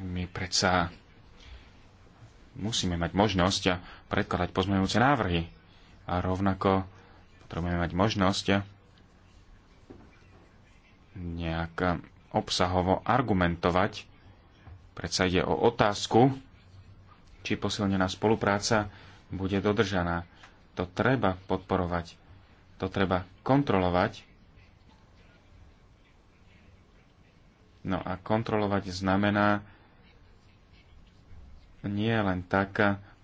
My predsa musíme mať možnosť predkladať pozmeňujúce návrhy. A rovnako potrebujeme mať možnosť nejak obsahovo argumentovať. Predsa ide o otázku, či posilnená spolupráca bude dodržaná. To treba podporovať. To treba kontrolovať. No a kontrolovať znamená, nie len tak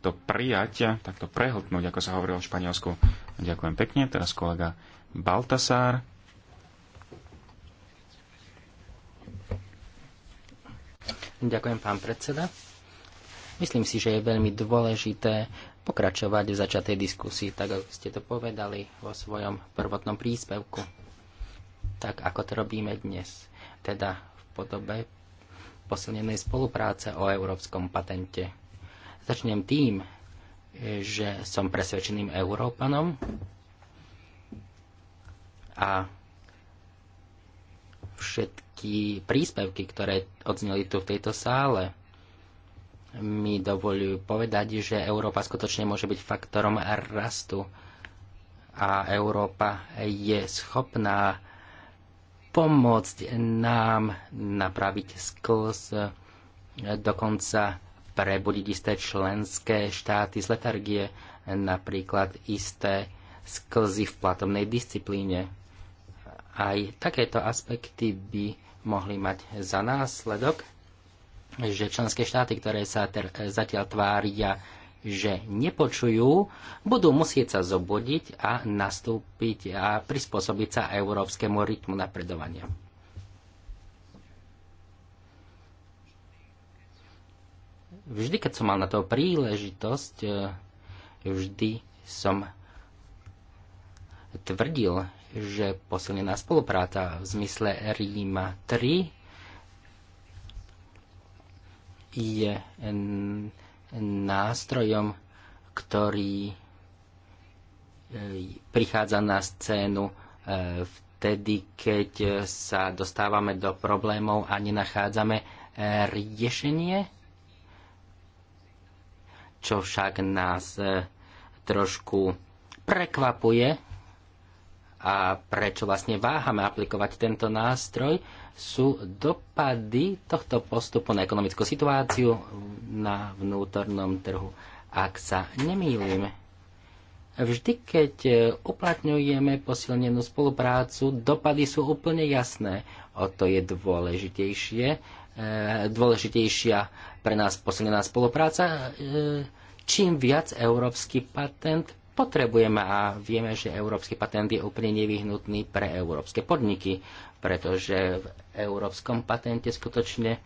to prijať, tak to prehltnúť, ako sa hovorilo v Španielsku. Ďakujem pekne. Teraz kolega Baltasár. Ďakujem, pán predseda. Myslím si, že je veľmi dôležité pokračovať v začatej diskusii, tak ako ste to povedali vo svojom prvotnom príspevku. Tak ako to robíme dnes, teda v podobe posilnenej spolupráce o európskom patente. Začnem tým, že som presvedčeným Európanom a všetky príspevky, ktoré odzneli tu v tejto sále, mi dovolujú povedať, že Európa skutočne môže byť faktorom rastu a Európa je schopná pomôcť nám napraviť sklz, dokonca prebudiť isté členské štáty z letargie, napríklad isté sklzy v platovnej disciplíne. Aj takéto aspekty by mohli mať za následok, že členské štáty, ktoré sa zatiaľ tvária že nepočujú, budú musieť sa zobudiť a nastúpiť a prispôsobiť sa európskemu rytmu napredovania. Vždy, keď som mal na to príležitosť, eh, vždy som tvrdil, že posilnená spolupráca v zmysle Ríma 3 je nástrojom, ktorý e, prichádza na scénu e, vtedy, keď sa dostávame do problémov a nenachádzame e, riešenie, čo však nás trošku prekvapuje a prečo vlastne váhame aplikovať tento nástroj, sú dopady tohto postupu na ekonomickú situáciu na vnútornom trhu. Ak sa nemýlime, vždy, keď e, uplatňujeme posilnenú spoluprácu, dopady sú úplne jasné. O to je dôležitejšie, e, dôležitejšia pre nás posilnená spolupráca. E, čím viac európsky patent potrebujeme a vieme, že európsky patent je úplne nevyhnutný pre európske podniky, pretože v európskom patente skutočne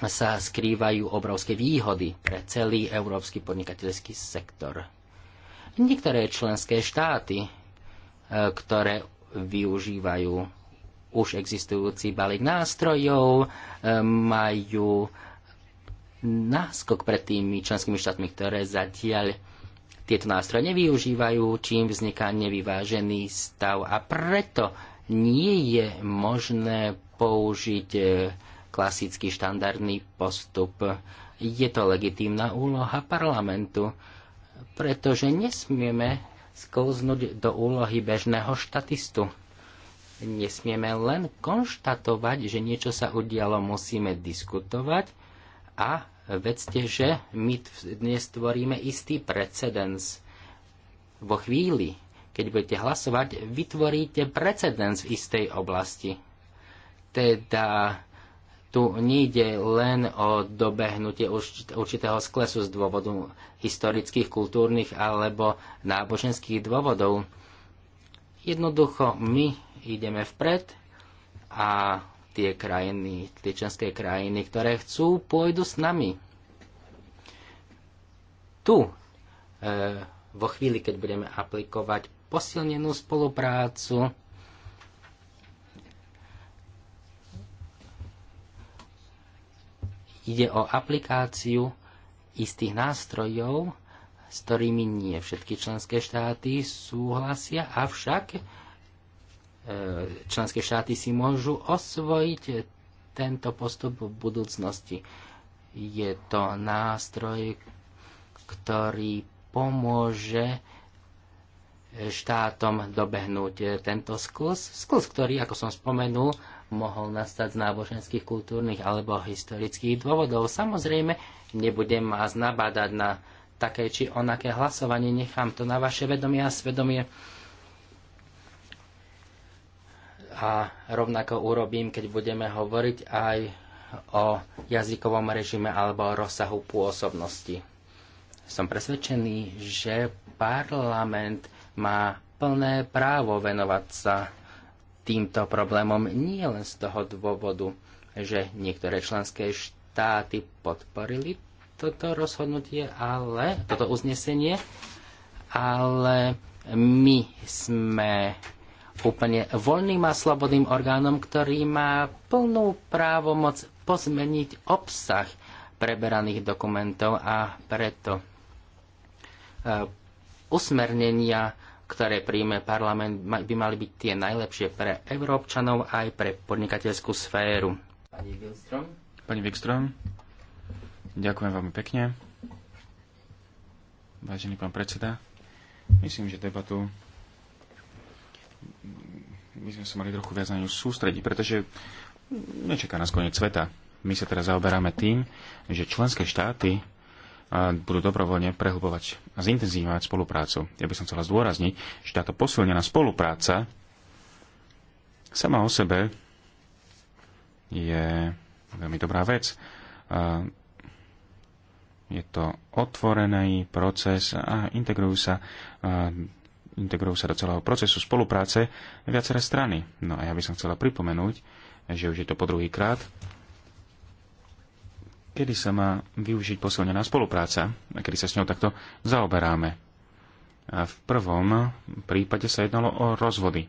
sa skrývajú obrovské výhody pre celý európsky podnikateľský sektor. Niektoré členské štáty, e, ktoré využívajú už existujúci balík nástrojov, e, majú náskok pred tými členskými štátmi, ktoré zatiaľ tieto nástroje nevyužívajú, čím vzniká nevyvážený stav. A preto nie je možné použiť e, klasický štandardný postup. Je to legitímna úloha parlamentu, pretože nesmieme sklznúť do úlohy bežného štatistu. Nesmieme len konštatovať, že niečo sa udialo, musíme diskutovať a vedzte, že my dnes tvoríme istý precedens. Vo chvíli, keď budete hlasovať, vytvoríte precedens v istej oblasti. Teda tu nejde len o dobehnutie určitého sklesu z dôvodu historických, kultúrnych alebo náboženských dôvodov. Jednoducho my ideme vpred a tie krajiny, tie členské krajiny, ktoré chcú, pôjdu s nami. Tu, e, vo chvíli, keď budeme aplikovať posilnenú spoluprácu, ide o aplikáciu istých nástrojov, s ktorými nie všetky členské štáty súhlasia, avšak E, členské štáty si môžu osvojiť tento postup v budúcnosti. Je to nástroj, ktorý pomôže štátom dobehnúť tento sklus. Sklus, ktorý, ako som spomenul, mohol nastať z náboženských, kultúrnych alebo historických dôvodov. Samozrejme, nebudem vás nabádať na také či onaké hlasovanie, nechám to na vaše vedomie a svedomie a rovnako urobím, keď budeme hovoriť aj o jazykovom režime alebo o rozsahu pôsobnosti. Som presvedčený, že parlament má plné právo venovať sa týmto problémom nie len z toho dôvodu, že niektoré členské štáty podporili toto rozhodnutie, ale toto uznesenie, ale my sme úplne voľným a slobodným orgánom, ktorý má plnú právomoc pozmeniť obsah preberaných dokumentov a preto e, usmernenia, ktoré príjme parlament, by mali byť tie najlepšie pre európčanov aj pre podnikateľskú sféru. Pani Wikström. Pani Wikström, ďakujem veľmi pekne. Vážený pán predseda, myslím, že debatu my sme sa mali trochu viac na ňu sústrediť, pretože nečaká nás koniec sveta. My sa teraz zaoberáme tým, že členské štáty budú dobrovoľne prehlbovať a zintenzívovať spoluprácu. Ja by som chcela zdôrazniť, že táto posilnená spolupráca sama o sebe je veľmi dobrá vec. Je to otvorený proces a integrujú sa integrujú sa do celého procesu spolupráce viaceré strany. No a ja by som chcela pripomenúť, že už je to po druhý krát, kedy sa má využiť posilnená spolupráca a kedy sa s ňou takto zaoberáme. A v prvom prípade sa jednalo o rozvody.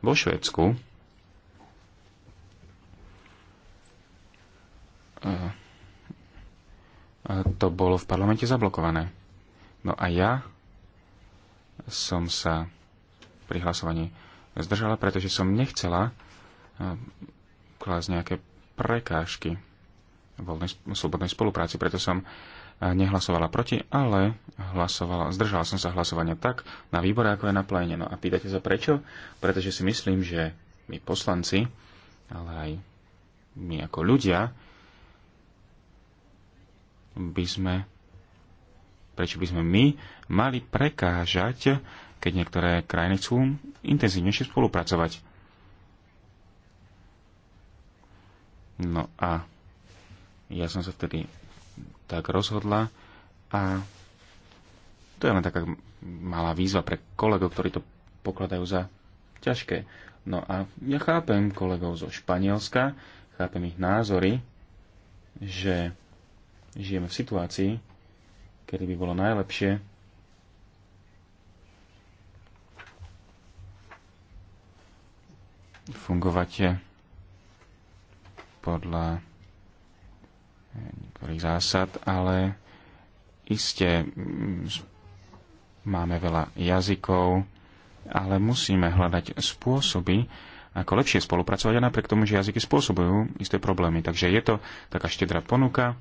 Vo Švedsku eh, to bolo v parlamente zablokované. No a ja som sa pri hlasovaní zdržala, pretože som nechcela eh, klásť nejaké prekážky voľnej, slobodnej spolupráci, preto som eh, nehlasovala proti, ale hlasovala, zdržala som sa hlasovania tak na výbore, ako je na pléne. No a pýtate sa prečo? Pretože si myslím, že my poslanci, ale aj my ako ľudia, by sme Prečo by sme my mali prekážať, keď niektoré krajiny chcú intenzívnejšie spolupracovať? No a ja som sa vtedy tak rozhodla a to je len taká malá výzva pre kolegov, ktorí to pokladajú za ťažké. No a ja chápem kolegov zo Španielska, chápem ich názory, že žijeme v situácii, kedy by bolo najlepšie fungovať podľa niektorých zásad, ale iste mm, máme veľa jazykov, ale musíme hľadať spôsoby, ako lepšie spolupracovať a napriek tomu, že jazyky spôsobujú isté problémy. Takže je to taká štedrá ponuka,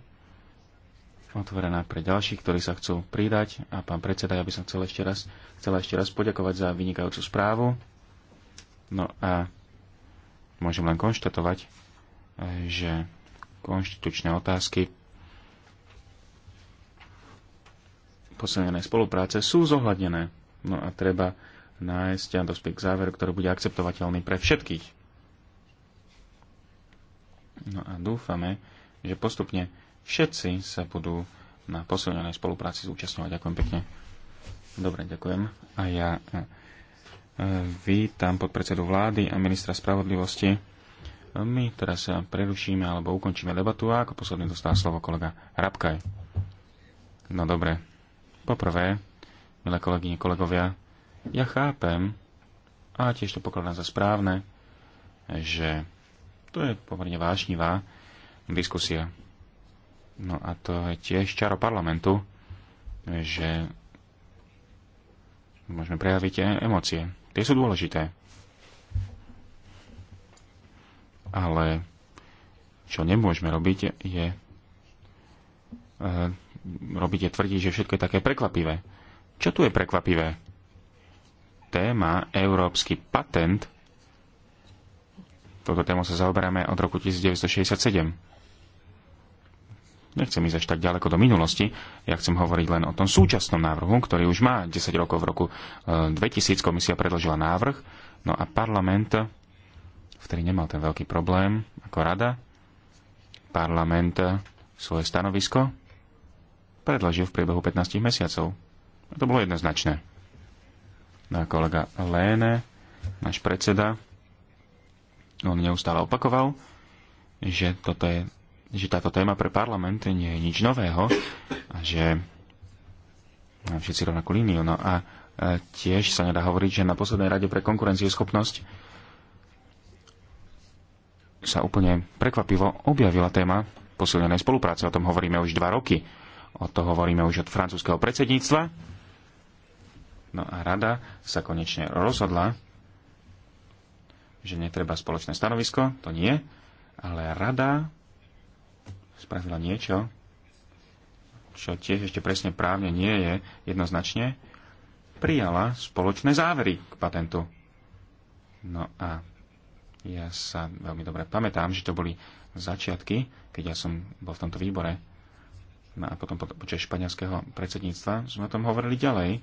otvorená pre ďalších, ktorí sa chcú pridať. A pán predseda, ja by som chcel ešte raz, chcela ešte raz poďakovať za vynikajúcu správu. No a môžem len konštatovať, eh, že konštitučné otázky posilnené spolupráce sú zohľadnené. No a treba nájsť a dospieť k záveru, ktorý bude akceptovateľný pre všetkých. No a dúfame, že postupne všetci sa budú na posilnenej spolupráci zúčastňovať. Ďakujem pekne. Dobre, ďakujem. A ja e, e, vítam podpredsedu vlády a ministra spravodlivosti. My teraz prerušíme alebo ukončíme debatu a ako posledný dostal slovo kolega Rabkaj. No dobre. Poprvé, milé kolegyne, kolegovia, ja chápem a tiež to pokladám za správne, že to je pomerne vášnivá diskusia No a to je tiež čaro parlamentu, že môžeme prejaviť emócie. Tie sú dôležité. Ale čo nemôžeme robiť, je eh, robiť je tvrdiť, že všetko je také prekvapivé. Čo tu je prekvapivé? Téma Európsky patent. Toto tému sa zaoberáme od roku 1967 Nechcem ísť až tak ďaleko do minulosti, ja chcem hovoriť len o tom súčasnom návrhu, ktorý už má 10 rokov v roku 2000. Eh, Komisia predložila návrh, no a parlament, vtedy nemal ten veľký problém ako rada, parlament svoje stanovisko predložil v priebehu 15 mesiacov. A to bolo jednoznačné. No a kolega Léne, náš predseda, on neustále opakoval, že toto je že táto téma pre parlament nie je nič nového a že všetci rovnakú líniu. No a e, tiež sa nedá hovoriť, že na poslednej rade pre konkurencieschopnosť sa úplne prekvapivo objavila téma posilnenej spolupráce. O tom hovoríme už dva roky. O to hovoríme už od francúzského predsedníctva. No a rada sa konečne rozhodla, že netreba spoločné stanovisko, to nie, ale rada spravila niečo, čo tiež ešte presne právne nie je jednoznačne, prijala spoločné závery k patentu. No a ja sa veľmi dobre pamätám, že to boli začiatky, keď ja som bol v tomto výbore. No a potom počas španielského predsedníctva sme o tom hovorili ďalej.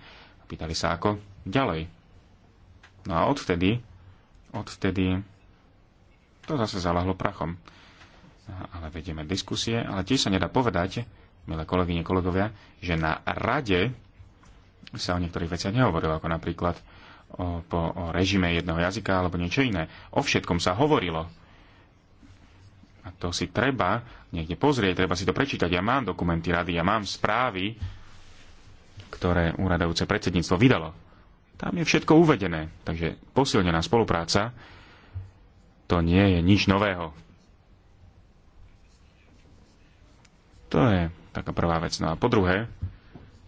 Pýtali sa ako ďalej. No a odvtedy, odvtedy to zase zalahlo prachom ale vedieme diskusie, ale tiež sa nedá povedať, milé kolegyne, kolegovia, že na rade sa o niektorých veciach nehovorilo, ako napríklad o, po, o režime jedného jazyka alebo niečo iné. O všetkom sa hovorilo. A to si treba niekde pozrieť, treba si to prečítať. Ja mám dokumenty rady, ja mám správy, ktoré úradajúce predsedníctvo vydalo. Tam je všetko uvedené, takže posilnená spolupráca to nie je nič nového. To je taká prvá vec. No a po druhé,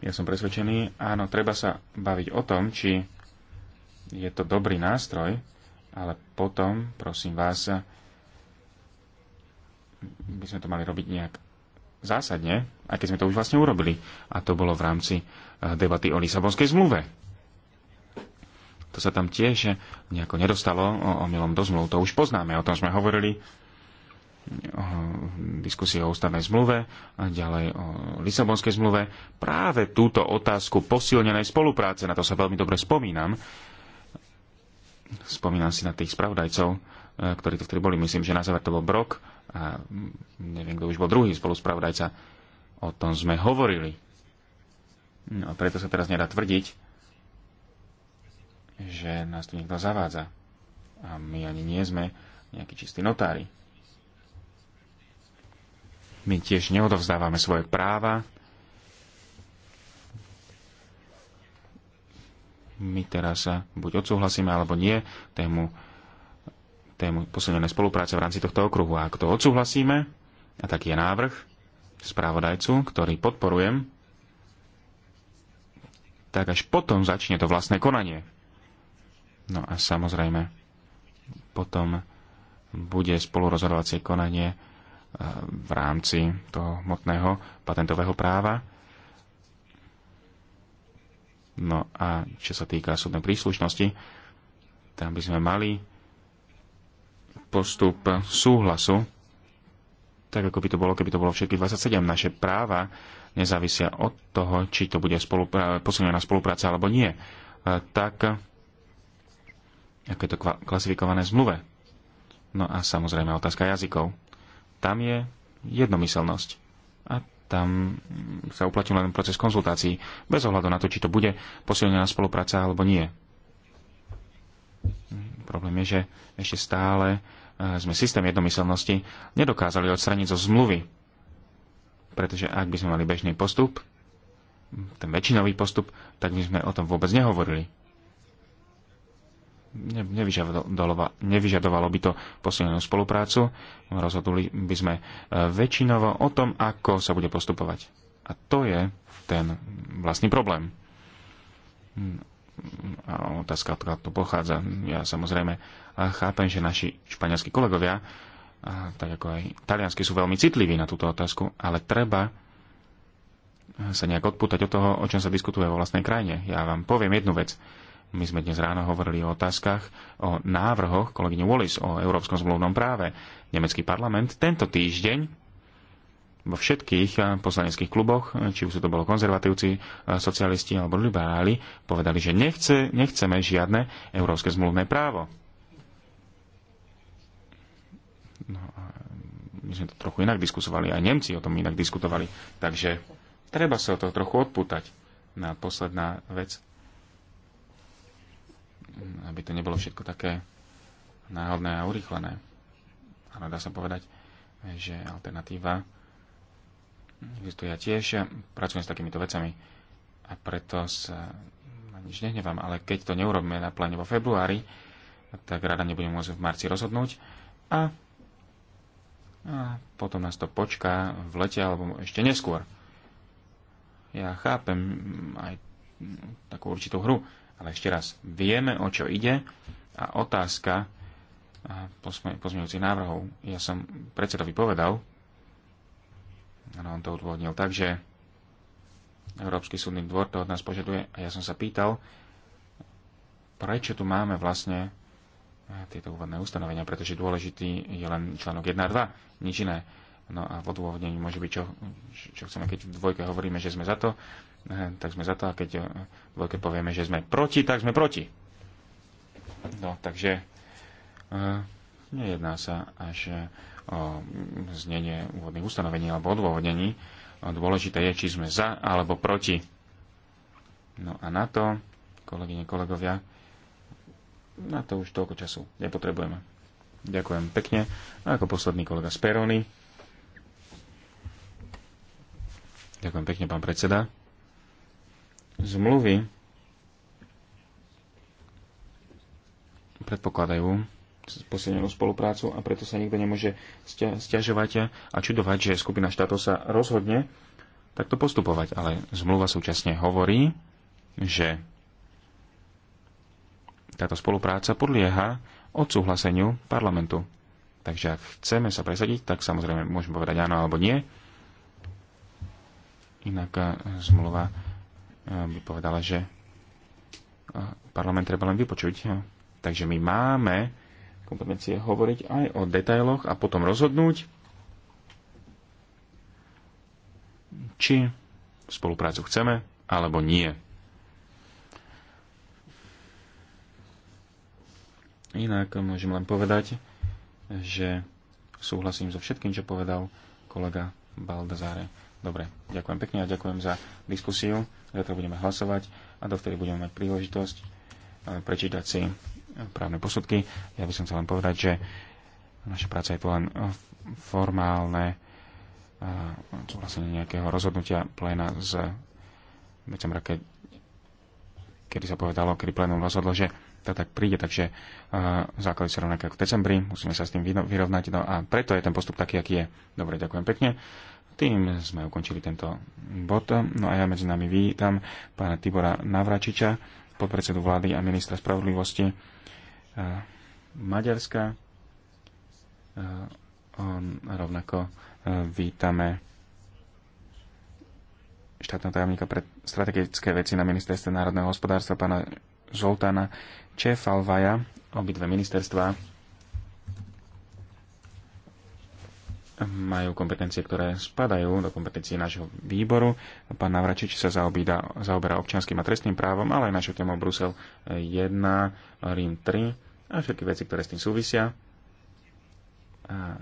ja som presvedčený, áno, treba sa baviť o tom, či je to dobrý nástroj, ale potom, prosím vás, by sme to mali robiť nejak zásadne, aj keď sme to už vlastne urobili. A to bolo v rámci eh, debaty o Lisabonskej zmluve. To sa tam tiež nejako nedostalo o, o milom do zmluv. To už poznáme, o tom sme hovorili diskusie o ústavnej zmluve a ďalej o Lisabonskej zmluve práve túto otázku posilnenej spolupráce, na to sa veľmi dobre spomínam, spomínam si na tých spravodajcov, e, ktorí to vtedy boli, myslím, že na záver to bol Brok a neviem, kto už bol druhý spoluspravodajca, o tom sme hovorili. No a preto sa teraz nedá tvrdiť, že nás tu niekto zavádza. A my ani nie sme nejakí čistí notári. My tiež neodovzdávame svoje práva. My teraz sa buď odsúhlasíme, alebo nie tému, tému posilnené spolupráce v rámci tohto okruhu. A ak to odsúhlasíme, a taký je návrh správodajcu, ktorý podporujem, tak až potom začne to vlastné konanie. No a samozrejme, potom bude spolurozhodovacie konanie v rámci toho hmotného patentového práva. No a čo sa týka súdnej príslušnosti, tam by sme mali postup súhlasu, tak ako by to bolo, keby to bolo všetky 27. Naše práva nezávisia od toho, či to bude spolupra- posilnená spolupráca alebo nie. E, tak, ako je to klasifikované zmluve. No a samozrejme otázka jazykov tam je jednomyselnosť. A tam sa uplatňuje len proces konzultácií, bez ohľadu na to, či to bude posilnená spolupráca alebo nie. Problém je, že ešte stále e, sme systém jednomyselnosti nedokázali odstraniť zo zmluvy. Pretože ak by sme mali bežný postup, ten väčšinový postup, tak by sme o tom vôbec nehovorili nevyžadovalo by to posilnenú spoluprácu. Rozhodli by sme e, väčšinovo o tom, ako sa bude postupovať. A to je ten vlastný problém. A otázka, odkiaľ to pochádza. Ja samozrejme chápem, že naši španielskí kolegovia, tak ako aj taliansky, sú veľmi citliví na túto otázku, ale treba sa nejak odpútať od toho, o čom sa diskutuje vo vlastnej krajine. Ja vám poviem jednu vec my sme dnes ráno hovorili o otázkach, o návrhoch kolegyne Wallis o európskom zmluvnom práve. Nemecký parlament tento týždeň vo všetkých eh, poslaneckých kluboch, eh, či už sú to bolo konzervatívci, eh, socialisti alebo liberáli, povedali, že nechce, nechceme žiadne európske zmluvné právo. No, my sme to trochu inak diskusovali, aj Nemci o tom inak diskutovali. Takže treba sa o to trochu odpútať. Na no posledná vec aby to nebolo všetko také náhodné a urýchlené. Ale dá sa povedať, že alternatíva existuje ja tiež. Pracujem s takýmito vecami a preto sa na nič nehnevám. Ale keď to neurobíme na pláne vo februári, tak rada nebudem môcť v marci rozhodnúť a, a potom nás to počká v lete alebo ešte neskôr. Ja chápem aj takú určitú hru, ale ešte raz, vieme, o čo ide a otázka pozmeňujúcich návrhov. Ja som predsedovi povedal, ale on to odvodnil tak, že Európsky súdny dvor to od nás požaduje a ja som sa pýtal, prečo tu máme vlastne e, tieto úvodné ustanovenia, pretože dôležitý je len článok 1 a 2, nič iné. No a v odôvodnení môže byť, čo, čo chceme, keď v dvojke hovoríme, že sme za to, tak sme za to a keď veľké povieme, že sme proti, tak sme proti. No, takže e, nejedná sa až e, o znenie úvodných ustanovení alebo odôvodnení. Dôležité je, či sme za alebo proti. No a na to, kolegyne, kolegovia, na to už toľko času nepotrebujeme. Ďakujem pekne. A ako posledný kolega Speroni. Ďakujem pekne, pán predseda zmluvy predpokladajú posilnenú spoluprácu a preto sa nikto nemôže stiažovať a čudovať, že skupina štátov sa rozhodne takto postupovať. Ale zmluva súčasne hovorí, že táto spolupráca podlieha odsúhlaseniu parlamentu. Takže ak chceme sa presadiť, tak samozrejme môžeme povedať áno alebo nie. Inak eh, zmluva by povedala, že parlament treba len vypočuť. Takže my máme kompetencie hovoriť aj o detailoch a potom rozhodnúť, či spoluprácu chceme alebo nie. Inak môžem len povedať, že súhlasím so všetkým, čo povedal kolega Baldazáre Dobre, ďakujem pekne a ďakujem za diskusiu. to budeme hlasovať a do vtedy budeme mať príležitosť eh, prečítať si právne posudky. Ja by som chcel len povedať, že naša práca je tu len eh, formálne súhlasenie eh, nejakého rozhodnutia pléna z decembra, keď, kedy sa povedalo, kedy plénum rozhodlo, že to tak príde, takže uh, základy sa rovnaké ako v decembri, musíme sa s tým vyrovnať, no a preto je ten postup taký, aký je. Dobre, ďakujem pekne. Tým sme ukončili tento bod. No a ja medzi nami vítam pána Tibora Navračiča, podpredsedu vlády a ministra spravodlivosti eh, Maďarska. Eh, on rovnako eh, vítame štátneho tajomníka pre strategické veci na ministerstve národného hospodárstva pána Zoltána Čefalvaja, obidve ministerstva majú kompetencie, ktoré spadajú do kompetencie nášho výboru. Pán Navračič sa zaobída, zaoberá občianským a trestným právom, ale aj našou témou Brusel 1, Rím 3 a všetky veci, ktoré s tým súvisia. A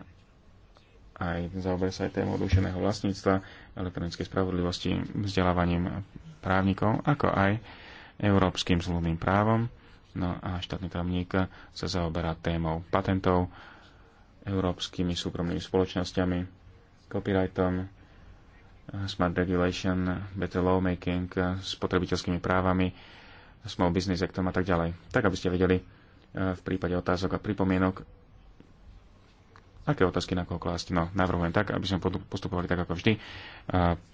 aj zaoberá sa aj témou dušeného vlastníctva, elektronickej spravodlivosti, vzdelávaním právnikov, ako aj európskym zlúdnym právom. No a štátny tajomník sa zaoberá témou patentov, európskymi súkromnými spoločnosťami, copyrightom, smart regulation, better lawmaking, spotrebiteľskými právami, small business actom a tak ďalej. Tak, aby ste vedeli eh, v prípade otázok a pripomienok, aké otázky na koho klásť. No, navrhujem tak, aby sme postupovali tak ako vždy. Eh,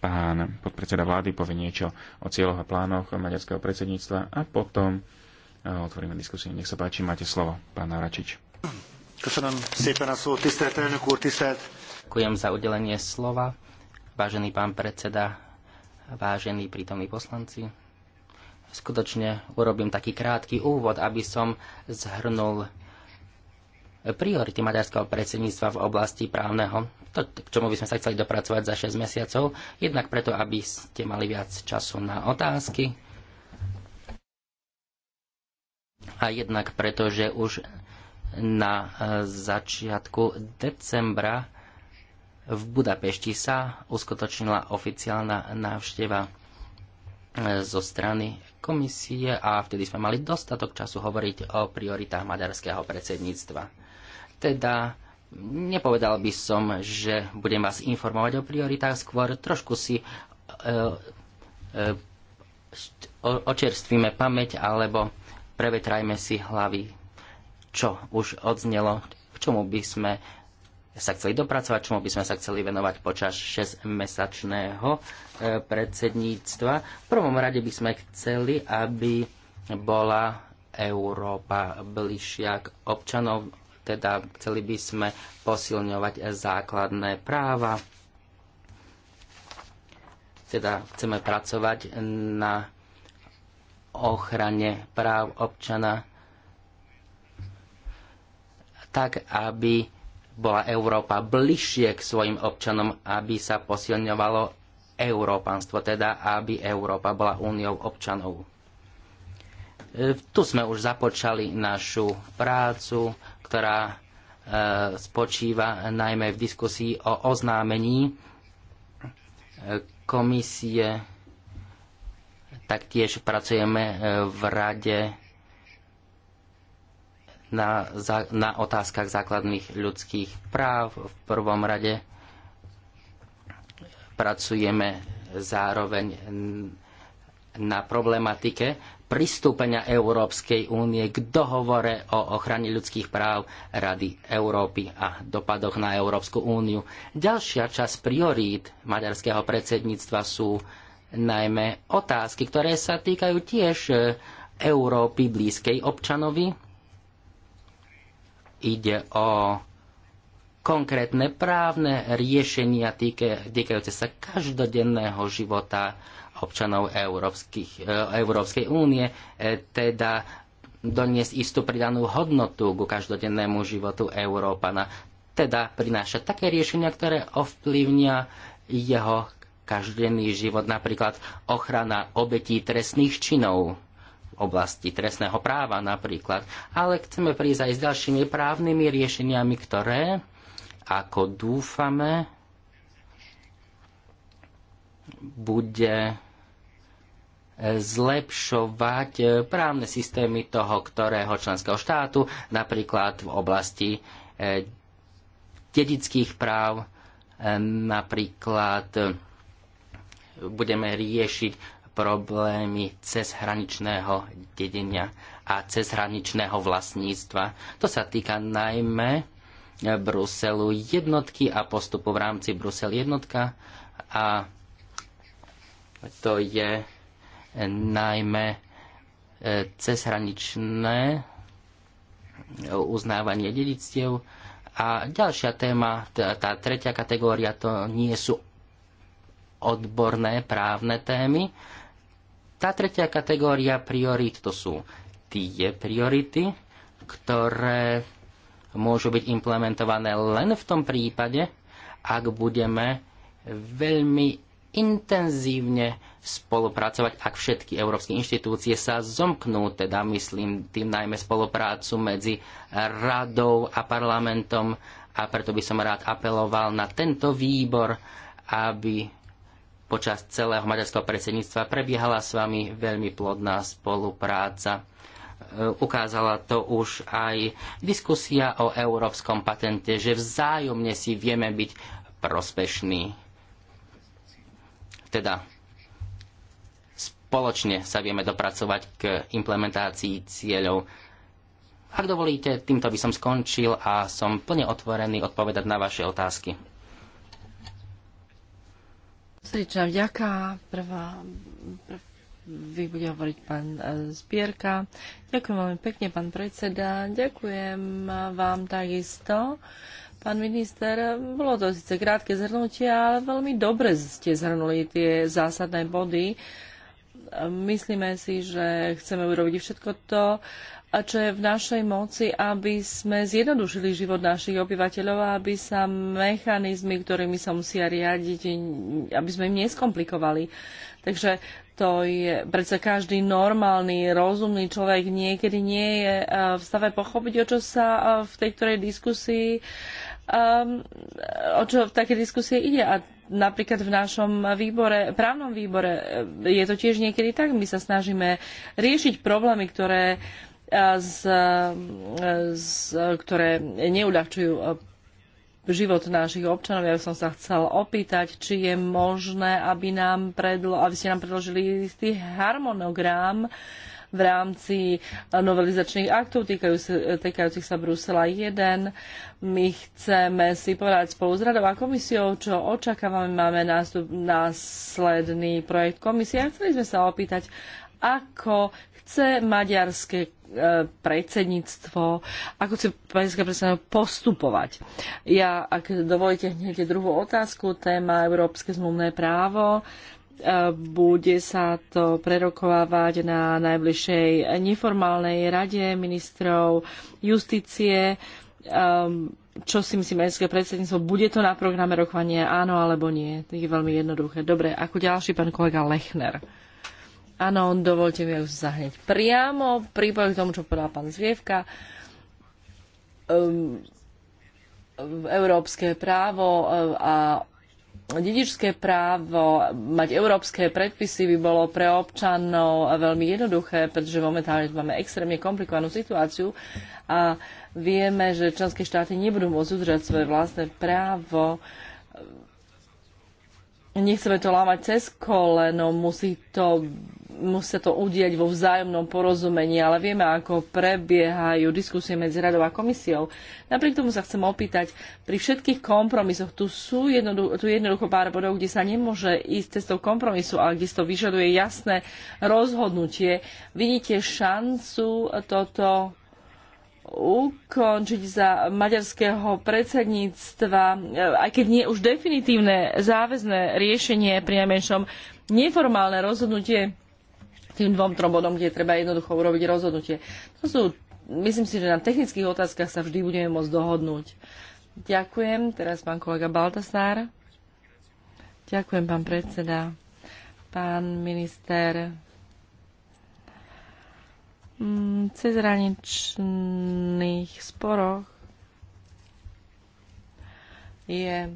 pán podpredseda vlády povie niečo o cieľoch a plánoch maďarského predsedníctva a potom eh, otvoríme diskusiu. Nech sa páči, máte slovo, pán Navračič. Ďakujem za udelenie slova. Vážený pán predseda, vážení prítomní poslanci, skutočne urobím taký krátky úvod, aby som zhrnul priority maďarského predsedníctva v oblasti právneho, to, k čomu by sme sa chceli dopracovať za 6 mesiacov, jednak preto, aby ste mali viac času na otázky a jednak preto, že už na e, začiatku decembra v Budapešti sa uskutočnila oficiálna návšteva e, zo strany komisie a vtedy sme mali dostatok času hovoriť o prioritách maďarského predsedníctva. Teda nepovedal by som, že budem vás informovať o prioritách, skôr trošku si e, e, očerstvíme pamäť alebo prevetrajme si hlavy čo už odznelo, k čomu by sme sa chceli dopracovať, čomu by sme sa chceli venovať počas 6-mesačného e, predsedníctva. V prvom rade by sme chceli, aby bola Európa bližšia k občanov, teda chceli by sme posilňovať základné práva. Teda chceme pracovať na ochrane práv občana tak aby bola Európa bližšie k svojim občanom, aby sa posilňovalo európanstvo, teda aby Európa bola úniou občanov. E, tu sme už započali našu prácu, ktorá e, spočíva najmä v diskusii o oznámení e, komisie. Taktiež pracujeme v rade na, na otázkach základných ľudských práv. V prvom rade pracujeme zároveň na problematike pristúpenia Európskej únie k dohovore o ochrane ľudských práv Rady Európy a dopadoch na Európsku úniu. Ďalšia časť priorít maďarského predsedníctva sú najmä otázky, ktoré sa týkajú tiež e, Európy blízkej občanovi, ide o konkrétne právne riešenia týke, týkajúce sa každodenného života občanov Európskych, e, Európskej únie, e, teda doniesť istú pridanú hodnotu ku každodennému životu Európana. Teda prináša také riešenia, ktoré ovplyvnia jeho každodenný život, napríklad ochrana obetí trestných činov oblasti trestného práva napríklad, ale chceme prísť aj s ďalšími právnymi riešeniami, ktoré, ako dúfame, bude zlepšovať právne systémy toho, ktorého členského štátu, napríklad v oblasti e, dedických práv, e, napríklad e, budeme riešiť problémy cezhraničného dedenia a cezhraničného vlastníctva. To sa týka najmä eh, Bruselu jednotky a postupu v rámci Brusel jednotka a to je eh, najmä eh, cezhraničné uznávanie dedictiev. A ďalšia téma, tá tretia kategória, to nie sú odborné právne témy, tá tretia kategória priorít to sú tie priority, ktoré môžu byť implementované len v tom prípade, ak budeme veľmi intenzívne spolupracovať, ak všetky európske inštitúcie sa zomknú, teda myslím tým najmä spoluprácu medzi radou a parlamentom a preto by som rád apeloval na tento výbor, aby počas celého maďarského predsedníctva prebiehala s vami veľmi plodná spolupráca. E, ukázala to už aj diskusia o európskom patente, že vzájomne si vieme byť prospešní. Teda spoločne sa vieme dopracovať k implementácii cieľov. Ak dovolíte, týmto by som skončil a som plne otvorený odpovedať na vaše otázky. Srdečná vďaka. Prvá, prv, vy bude hovoriť pán e, Zbierka. Ďakujem veľmi pekne, pán predseda. Ďakujem vám takisto. Pán minister, bolo to síce krátke zhrnutie, ale veľmi dobre ste zhrnuli tie zásadné body. Myslíme si, že chceme urobiť všetko to, čo je v našej moci, aby sme zjednodušili život našich obyvateľov a aby sa mechanizmy, ktorými sa musia riadiť, aby sme im neskomplikovali. Takže to je predsa každý normálny, rozumný človek niekedy nie je eh, v stave pochopiť, o čo sa eh, v tej ktorej diskusii um, o čo v takej diskusie ide. A napríklad v našom výbore, právnom výbore eh, je to tiež niekedy tak. My sa snažíme riešiť problémy, ktoré uh, z, e, z, ktoré neuľahčujú e, život našich občanov. Ja som sa chcel opýtať, či je možné, aby, nám predlo, aby ste nám predložili istý harmonogram v rámci novelizačných aktov týkajúcich sa Brusela 1. My chceme si povedať spolu s Radou a komisiou, čo očakávame. Máme nástup, následný projekt komisie chceli sme sa opýtať, ako chce maďarské e, predsedníctvo, ako chce maďarské predsedníctvo postupovať. Ja, ak dovolíte hneď druhú otázku, téma Európske zmluvné právo, e, bude sa to prerokovávať na najbližšej neformálnej rade ministrov justície. Ehm, čo si myslí maďarské predsedníctvo? Bude to na programe rokovania áno alebo nie? To je veľmi jednoduché. Dobre, ako ďalší pán kolega Lechner. Áno, dovolte mi už sa hneď priamo pripojiť k tomu, čo povedal pán Zvievka. Um, európske právo ehm, a dedičské právo, mať európske predpisy by bolo pre občanov veľmi jednoduché, pretože momentálne máme extrémne komplikovanú situáciu a vieme, že členské štáty nebudú môcť udržať svoje vlastné právo. Nechceme to lámať cez koleno, musí to musia to udieť vo vzájomnom porozumení, ale vieme, ako prebiehajú diskusie medzi radou a komisiou. Napriek tomu sa chcem opýtať, pri všetkých kompromisoch tu sú jednoducho, tu jednoducho pár bodov, kde sa nemôže ísť cestou kompromisu, ale kde to vyžaduje jasné rozhodnutie. Vidíte šancu toto ukončiť za maďarského predsedníctva, aj keď nie už definitívne záväzné riešenie, pri najmenšom neformálne rozhodnutie tým dvom trom bodom, kde treba jednoducho urobiť rozhodnutie. To sú, myslím si, že na technických otázkach sa vždy budeme môcť dohodnúť. Ďakujem. Teraz pán kolega Baltasár. Ďakujem, pán predseda. Pán minister. Mm, cezhraničných sporoch je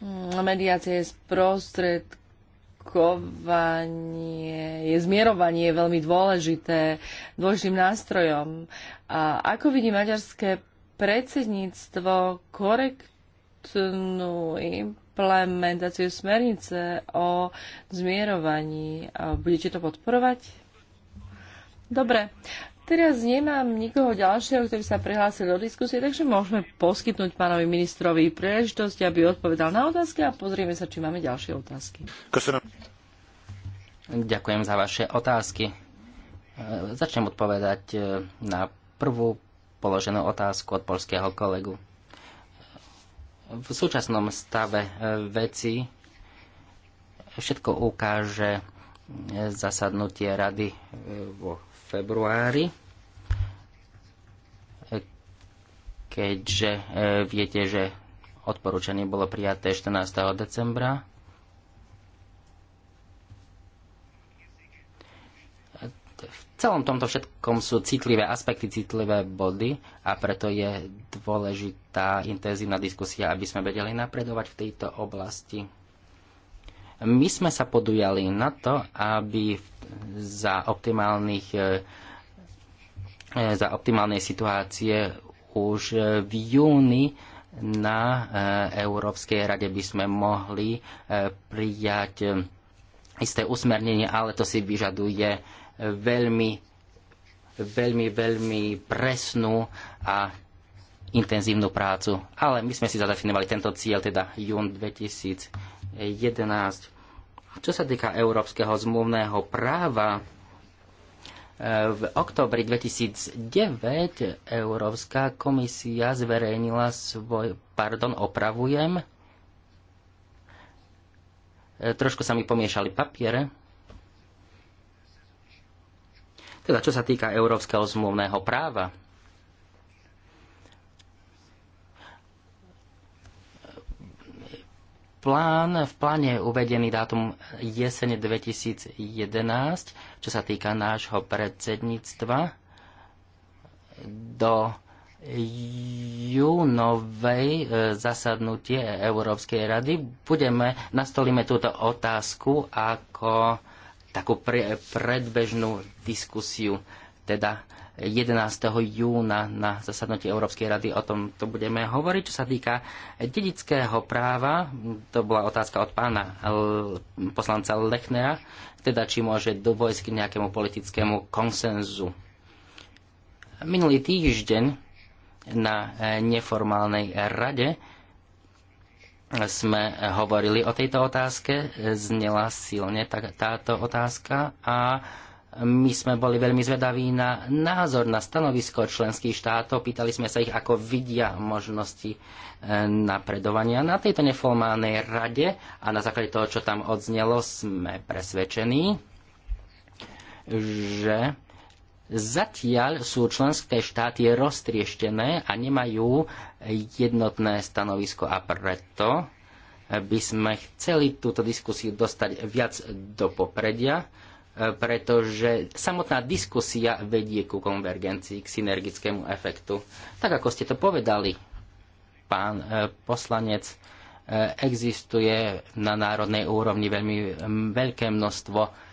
mm, mediácia je prostred rokovanie, je zmierovanie je veľmi dôležité, dôležitým nástrojom. A ako vidí maďarské predsedníctvo korektnú implementáciu smernice o zmierovaní? Budete to podporovať? Dobre, Teraz nemám nikoho ďalšieho, ktorý sa prihlásil do diskusie, takže môžeme poskytnúť pánovi ministrovi príležitosť, aby odpovedal na otázky a pozrieme sa, či máme ďalšie otázky. Ďakujem za vaše otázky. E, začnem odpovedať e, na prvú položenú otázku od polského kolegu. V súčasnom stave e, veci všetko ukáže zasadnutie rady vo februári. keďže e, viete, že odporúčanie bolo prijaté 14. decembra. V celom tomto všetkom sú citlivé aspekty, citlivé body a preto je dôležitá intenzívna diskusia, aby sme vedeli napredovať v tejto oblasti. My sme sa podujali na to, aby za optimálnych e, e, za optimálnej situácie už v júni na eh, Európskej rade by sme mohli eh, prijať eh, isté usmernenie, ale to si vyžaduje veľmi, veľmi, veľmi presnú a intenzívnu prácu. Ale my sme si zadefinovali tento cieľ, teda jún 2011. Čo sa týka európskeho zmluvného práva, v oktobri 2009 Európska komisia zverejnila svoj... Pardon, opravujem. E, trošku sa mi pomiešali papiere. Teda čo sa týka európskeho zmluvného práva, plán, v pláne je uvedený dátum jesene 2011, čo sa týka nášho predsedníctva. Do júnovej e, zasadnutie Európskej rady budeme, nastolíme túto otázku ako takú pre, predbežnú diskusiu. Teda 11. júna na zasadnutí Európskej rady o tom to budeme hovoriť. Čo sa týka dedického práva, to bola otázka od pána poslanca Lechnera, teda či môže dovojsť k nejakému politickému konsenzu. Minulý týždeň na e, neformálnej rade sme hovorili o tejto otázke, znela silne tá, táto otázka a my sme boli veľmi zvedaví na názor, na stanovisko členských štátov. Pýtali sme sa ich, ako vidia možnosti e, napredovania. Na tejto neformálnej rade a na základe toho, čo tam odznelo, sme presvedčení, že Zatiaľ sú členské štáty roztrieštené a nemajú jednotné stanovisko a preto by sme chceli túto diskusiu dostať viac do popredia pretože samotná diskusia vedie ku konvergencii, k synergickému efektu. Tak ako ste to povedali, pán e, poslanec, e, existuje na národnej úrovni veľmi veľké množstvo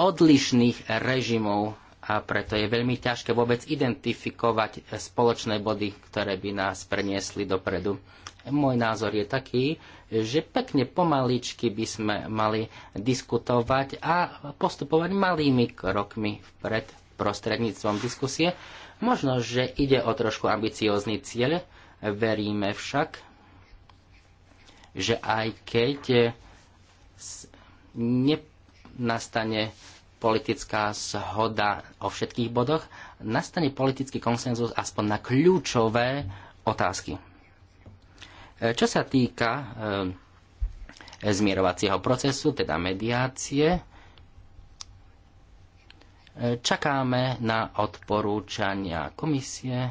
odlišných režimov a preto je veľmi ťažké vôbec identifikovať spoločné body, ktoré by nás preniesli dopredu. Môj názor je taký, že pekne pomaličky by sme mali diskutovať a postupovať malými krokmi vpred prostredníctvom diskusie. Možno, že ide o trošku ambiciózny cieľ, veríme však, že aj keď nastane politická zhoda o všetkých bodoch, nastane politický konsenzus aspoň na kľúčové otázky. E, čo sa týka e, zmierovacieho procesu, teda mediácie, e, čakáme na odporúčania komisie.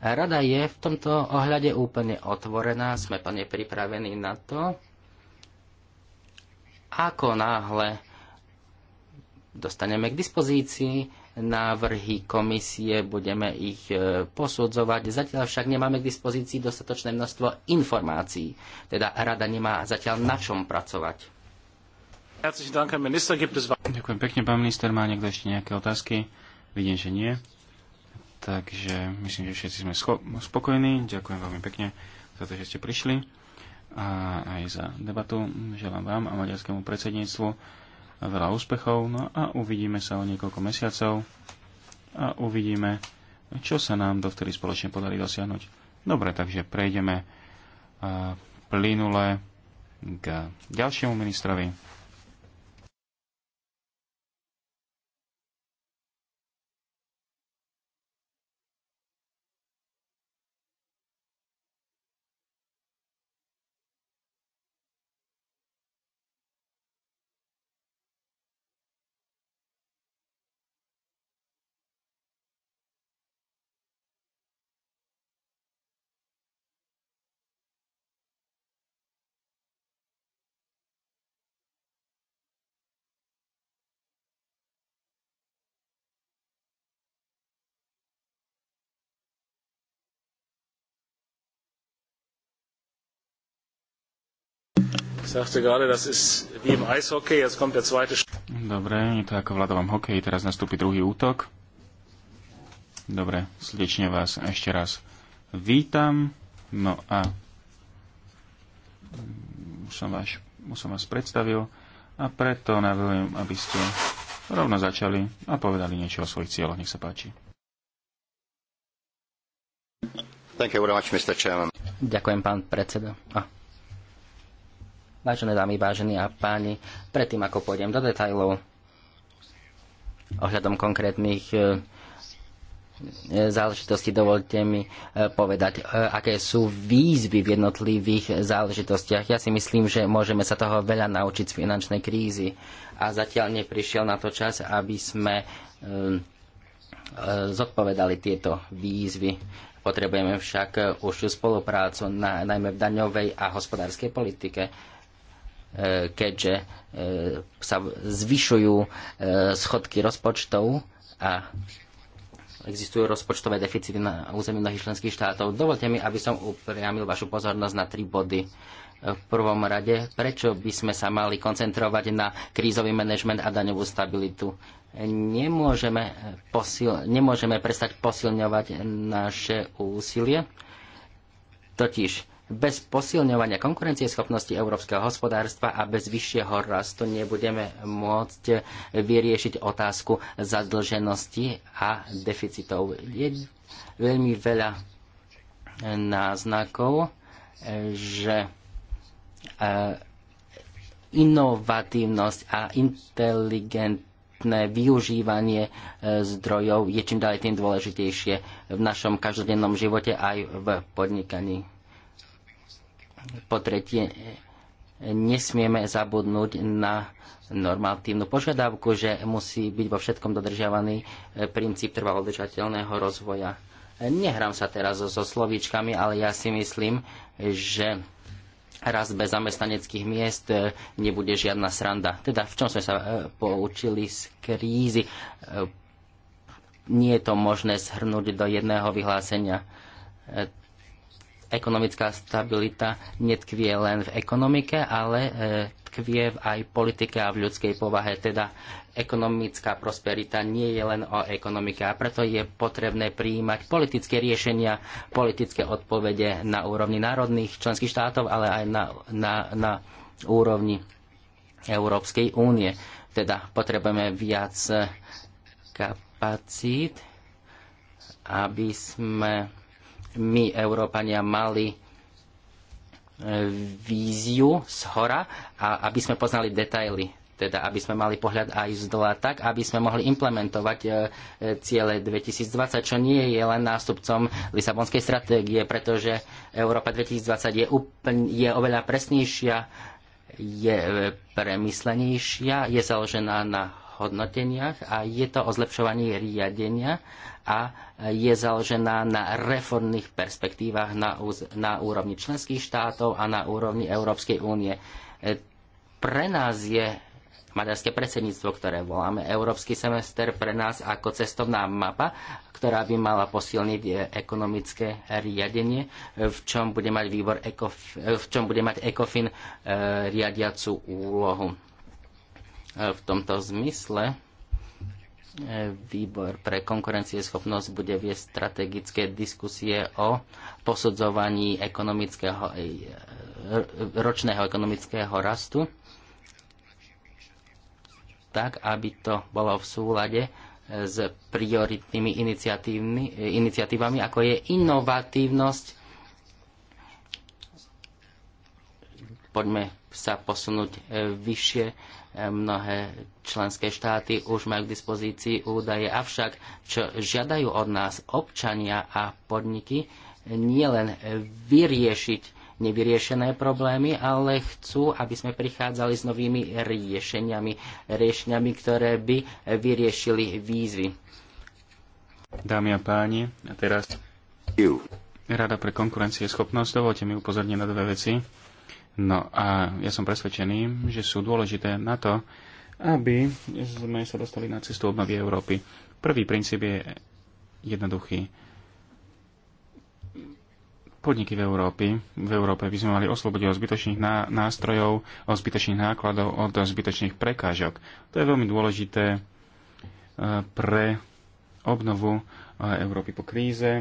Rada je v tomto ohľade úplne otvorená, sme plne pripravení na to, ako náhle dostaneme k dispozícii návrhy komisie, budeme ich e, posudzovať. Zatiaľ však nemáme k dispozícii dostatočné množstvo informácií, teda rada nemá zatiaľ na čom pracovať. Ďakujem pekne, pán minister. Má niekto ešte nejaké otázky? Vidím, že nie. Takže myslím, že všetci sme spokojní. Ďakujem veľmi pekne za to, že ste prišli a aj za debatu. Želám vám a maďarskému predsedníctvu veľa úspechov no a uvidíme sa o niekoľko mesiacov a uvidíme, čo sa nám dovtedy spoločne podarí dosiahnuť. Dobre, takže prejdeme plynule k ďalšiemu ministrovi. Dobre, je to ako v ľadovom hokeji, teraz nastúpi druhý útok. Dobre, srdečne vás ešte raz vítam. No a už som vás, už som vás predstavil a preto navrhujem, aby ste rovno začali a povedali niečo o svojich cieľoch. Nech sa páči. Much, Ďakujem, pán predseda. Ah. Vážené dámy, vážení a páni, predtým ako pôjdem do detajlov ohľadom konkrétnych e, e, záležitosti, dovolte mi e, povedať, aké sú výzvy v jednotlivých záležitostiach. Ja si myslím, že môžeme sa toho veľa naučiť z finančnej krízy a zatiaľ neprišiel na to čas, aby sme zodpovedali tieto výzvy. Potrebujeme však užšiu spoluprácu, najmä v daňovej a hospodárskej politike keďže e, sa zvyšujú e, schodky rozpočtov a existujú rozpočtové deficity na území mnohých členských štátov. Dovolte mi, aby som upriamil vašu pozornosť na tri body. E, v prvom rade, prečo by sme sa mali koncentrovať na krízový manažment a daňovú stabilitu? Nemôžeme, posil, nemôžeme prestať posilňovať naše úsilie. Totiž bez posilňovania konkurencieschopnosti európskeho hospodárstva a bez vyššieho rastu nebudeme môcť vyriešiť otázku zadlženosti a deficitov. Je veľmi veľa náznakov, že e, inovatívnosť a inteligentné využívanie e, zdrojov je čím ďalej tým dôležitejšie v našom každodennom živote aj v podnikaní. Po tretie, nesmieme zabudnúť na normatívnu požiadavku, že musí byť vo všetkom dodržiavaný e, princíp trvalodržateľného rozvoja. Nehrám sa teraz so slovíčkami, ale ja si myslím, že raz bez zamestnaneckých miest e, nebude žiadna sranda. Teda v čom sme sa e, poučili z krízy? Nie je to možné zhrnúť do jedného vyhlásenia ekonomická stabilita netkvie len v ekonomike, ale e, tkvie aj v politike a v ľudskej povahe. Teda ekonomická prosperita nie je len o ekonomike a preto je potrebné prijímať politické riešenia, politické odpovede na úrovni národných členských štátov, ale aj na, na, na úrovni Európskej únie. Teda potrebujeme viac kapacít, aby sme my, Európania, mali e, víziu z hora a aby sme poznali detaily teda aby sme mali pohľad aj z dola tak, aby sme mohli implementovať e, e, ciele 2020, čo nie je len nástupcom Lisabonskej stratégie, pretože Európa 2020 je, úplne, je oveľa presnejšia, je premyslenejšia, je založená na hodnoteniach a je to o zlepšovaní riadenia a je založená na reformných perspektívach na, na úrovni členských štátov a na úrovni Európskej únie. Pre nás je maďarské predsedníctvo, ktoré voláme Európsky semester pre nás ako cestovná mapa, ktorá by mala posilniť e, ekonomické riadenie, v čom bude mať výbor ECOF, e, v čom bude mať ECOFIN e, riadiacu úlohu. V tomto zmysle Výbor pre konkurencieschopnosť bude viesť strategické diskusie o posudzovaní ekonomického, e, ročného ekonomického rastu, tak aby to bolo v súlade e, s prioritnými e, iniciatívami, ako je inovatívnosť. Poďme sa posunúť vyššie Mnohé členské štáty už majú k dispozícii údaje, avšak čo žiadajú od nás občania a podniky, nielen vyriešiť nevyriešené problémy, ale chcú, aby sme prichádzali s novými riešeniami, riešeniami, ktoré by vyriešili výzvy. Dámy a páni, a teraz Rada pre konkurencie schopnosť, dovolte mi upozorniť na dve veci. No a ja som presvedčený, že sú dôležité na to, aby sme sa dostali na cestu obnovy Európy. Prvý princíp je jednoduchý. Podniky v Európe, v Európe by sme mali oslobodiť od zbytočných nástrojov, od zbytočných nákladov, od zbytočných prekážok. To je veľmi dôležité e, pre obnovu e, Európy po kríze,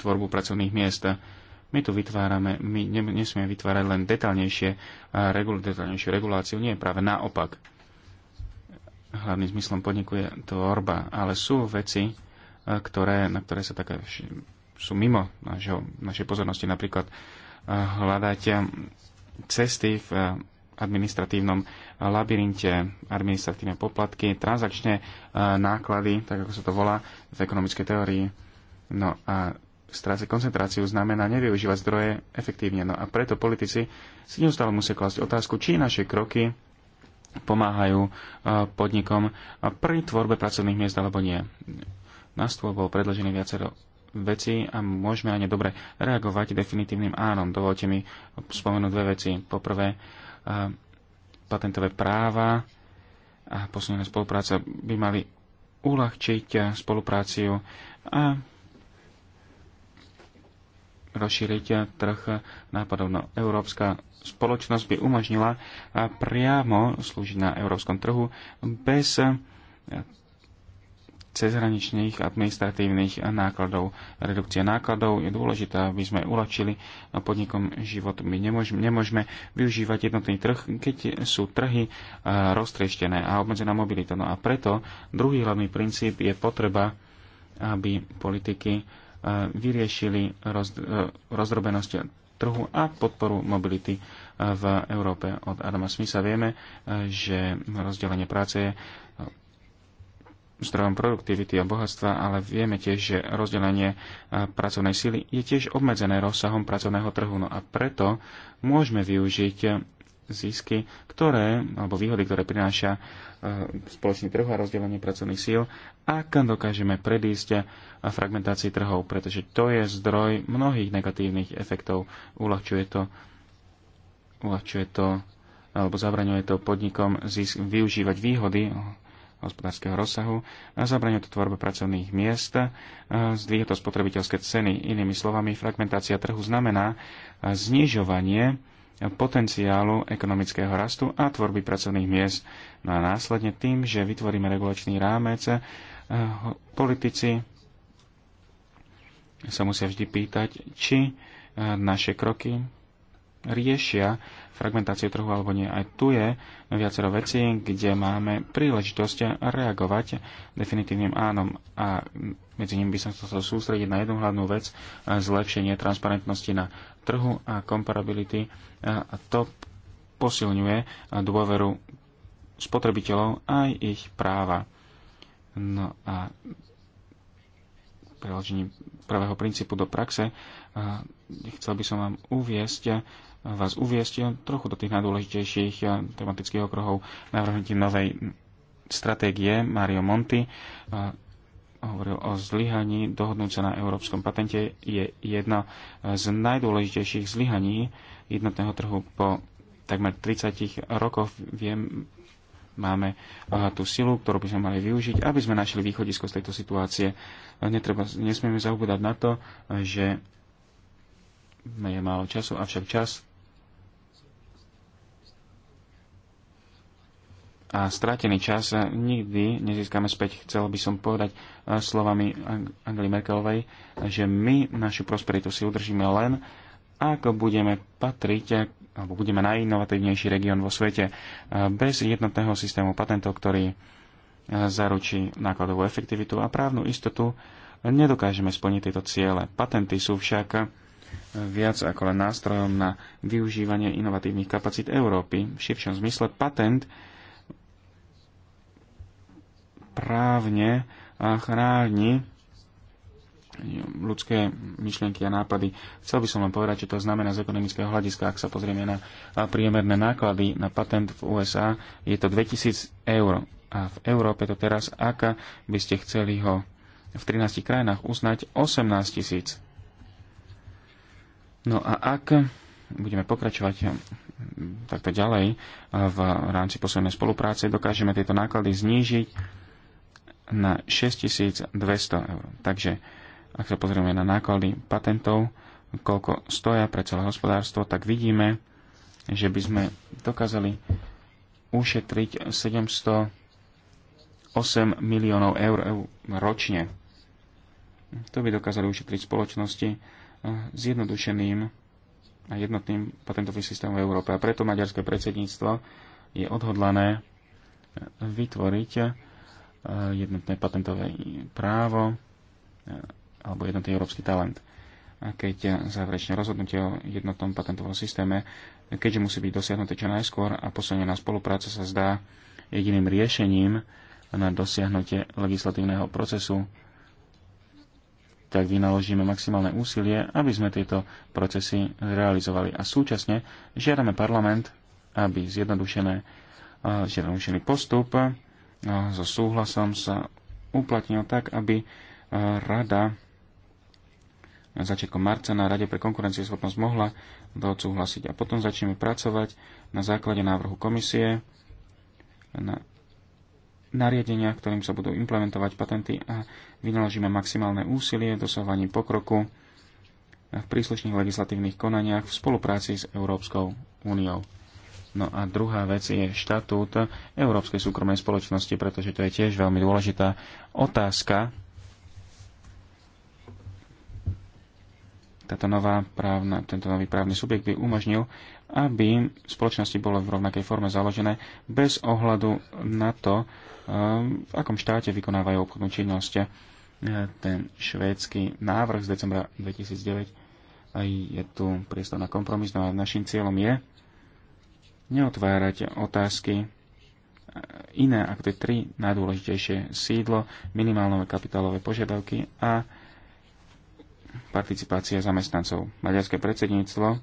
tvorbu pracovných miest. My tu vytvárame, my nesmieme vytvárať len detaľnejšie, regul, detaľnejšiu reguláciu, nie práve naopak. Hlavným zmyslom podniku je tvorba, ale sú veci, e, ktoré, na ktoré sa také sú mimo našeho, našej pozornosti, napríklad e, hľadať e, cesty v administratívnom labyrinte, administratívne poplatky, transakčné náklady, tak ako sa to volá v ekonomickej teórii. No a strácať koncentráciu, znamená nevyužívať zdroje efektívne. No a preto politici si neustále musia klásť otázku, či naše kroky pomáhajú e, podnikom pri tvorbe pracovných miest alebo nie. Na stôl bol predložený viacero veci a môžeme ani dobre reagovať definitívnym ánom. Dovolte mi spomenúť dve veci. Poprvé, e, patentové práva a posunená spolupráca by mali uľahčiť spolupráciu a rozšíriť trh nápadov. No, Európska spoločnosť by umožnila priamo slúžiť na európskom trhu bez cezhraničných administratívnych nákladov. Redukcia nákladov je dôležitá, aby sme uľahčili podnikom život. My nemôžeme, nemôžeme využívať jednotný trh, keď sú trhy e, roztrieštené a obmedzená mobilita. No a preto druhý hlavný princíp je potreba, aby politiky vyriešili roz, e, rozrobenosť trhu a podporu mobility e, v Európe. Od Adama Smitha vieme, e, že rozdelenie práce je zdrojom produktivity a bohatstva, ale vieme tiež, že rozdelenie pracovnej sily je tiež obmedzené rozsahom pracovného trhu. No a preto môžeme využiť zisky, ktoré, alebo výhody, ktoré prináša E, spoločný trh a rozdelenie pracovných síl, ak dokážeme predísť fragmentácii trhov, pretože to je zdroj mnohých negatívnych efektov. Uľahčuje to, uľahčuje to alebo zabraňuje to podnikom zisk, využívať výhody hospodárskeho rozsahu, zabraňuje to tvorbe pracovných miest, e, zdvíha to spotrebiteľské ceny. Inými slovami, fragmentácia trhu znamená znižovanie potenciálu ekonomického rastu a tvorby pracovných miest. No a následne tým, že vytvoríme regulačný rámec, eh, politici sa musia vždy pýtať, či eh, naše kroky riešia fragmentáciu trhu alebo nie. Aj tu je viacero vecí, kde máme príležitosť reagovať definitívnym ánom. A medzi nimi by som chcel sústrediť na jednu hlavnú vec, eh, zlepšenie transparentnosti na trhu a komparability a to posilňuje dôveru spotrebiteľov aj ich práva. No a preložením prvého princípu do praxe chcel by som vám uviesť vás uviesť trochu do tých najdôležitejších tematických okruhov navrhnutí novej stratégie Mario Monti hovoril o zlyhaní dohodnúť sa na európskom patente je jedna z najdôležitejších zlyhaní jednotného trhu po takmer 30 rokoch. Viem, máme eh, tú silu, ktorú by sme mali využiť, aby sme našli východisko z tejto situácie. Eh, netreba, nesmieme zaubúdať na to, eh, že je málo času, avšak čas a stratený čas e, nikdy nezískame späť. Chcel by som povedať e, slovami Angely Merkelovej, že my našu prosperitu si udržíme len, ako budeme patriť e, alebo budeme najinovatívnejší región vo svete bez jednotného systému patentov, ktorý zaručí nákladovú efektivitu a právnu istotu, nedokážeme splniť tieto ciele. Patenty sú však viac ako len nástrojom na využívanie inovatívnych kapacít Európy. V širšom zmysle patent právne chráni ľudské myšlienky a nápady. Chcel by som vám povedať, čo to znamená z ekonomického hľadiska. Ak sa pozrieme na priemerné náklady na patent v USA, je to 2000 eur. A v Európe to teraz, ak by ste chceli ho v 13 krajinách uznať, 18 tisíc. No a ak budeme pokračovať hm, takto ďalej v rámci poslednej spolupráce, dokážeme tieto náklady znížiť na 6200 eur. Takže ak sa pozrieme na náklady patentov, koľko stoja pre celé hospodárstvo, tak vidíme, že by sme dokázali ušetriť 708 miliónov eur ročne. To by dokázali ušetriť spoločnosti eh, jednodušeným a jednotným patentovým systémom v Európe. A preto maďarské predsedníctvo je odhodlané vytvoriť Eh, jednotné patentové právo eh, alebo jednotný európsky talent. A keď záverečne rozhodnutie o jednotnom patentovom systéme, keďže musí byť dosiahnuté čo najskôr a posilnená spolupráca sa zdá jediným riešením na dosiahnutie legislatívneho procesu, tak vynaložíme maximálne úsilie, aby sme tieto procesy realizovali. A súčasne žiadame parlament, aby zjednodušené, eh, zjednodušený postup so súhlasom sa uplatnil tak, aby e, rada na začiatkom marca na Rade pre konkurencieschopnosť mohla to odsúhlasiť. A potom začneme pracovať na základe návrhu komisie na nariadenia, ktorým sa budú implementovať patenty a vynaložíme maximálne úsilie v dosahovaní pokroku v príslušných legislatívnych konaniach v spolupráci s Európskou úniou. No a druhá vec je štatút Európskej súkromnej spoločnosti, pretože to je tiež veľmi dôležitá otázka. Táto nová právna, tento nový právny subjekt by umožnil, aby spoločnosti bolo v rovnakej forme založené bez ohľadu na to, um, v akom štáte vykonávajú obchodnú činnosť. Ten švédsky návrh z decembra 2009 je tu priestor na kompromis, no a našim cieľom je, neotvárať otázky e, iné ako tie tri najdôležitejšie sídlo, minimálne kapitálové požiadavky a participácia zamestnancov. Maďarské predsedníctvo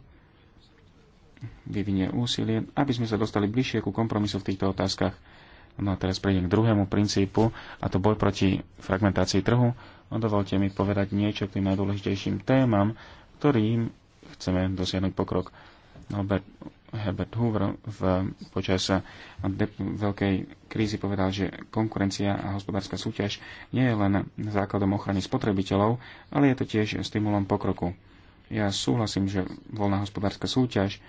vyvinie úsilie, aby sme sa dostali bližšie ku kompromisu v týchto otázkach. No a teraz prejdem k druhému princípu, a to boj proti fragmentácii trhu. No, dovolte mi povedať niečo k tým najdôležitejším témam, ktorým chceme dosiahnuť pokrok Albert, Herbert Hoover v, počas veľkej krízy povedal, že konkurencia a hospodárska súťaž nie je len základom ochrany spotrebiteľov, ale je to tiež stimulom pokroku. Ja súhlasím, že voľná hospodárska súťaž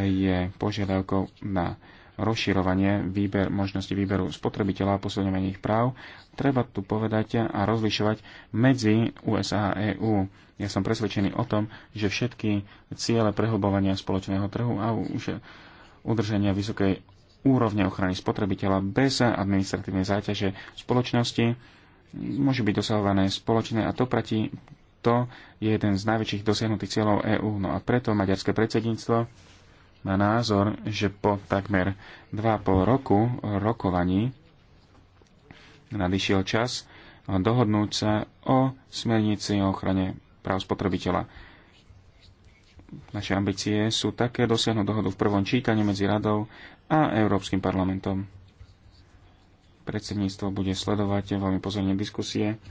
je požiadavkou na rozširovanie výber, možnosti výberu spotrebiteľa a posilňovanie ich práv, treba tu povedať a rozlišovať medzi USA a EÚ. Ja som presvedčený o tom, že všetky ciele prehlbovania spoločného trhu a už udržania vysokej úrovne ochrany spotrebiteľa bez administratívnej záťaže spoločnosti môžu byť dosahované spoločné a to platí to je jeden z najväčších dosiahnutých cieľov EÚ. No a preto maďarské predsedníctvo má názor, že po takmer 2,5 roku rokovaní nadišiel čas dohodnúť sa o smernici o ochrane práv spotrebiteľa. Naše ambície sú také dosiahnuť dohodu v prvom čítaní medzi radou a Európskym parlamentom. Predsedníctvo bude sledovať veľmi pozorne diskusie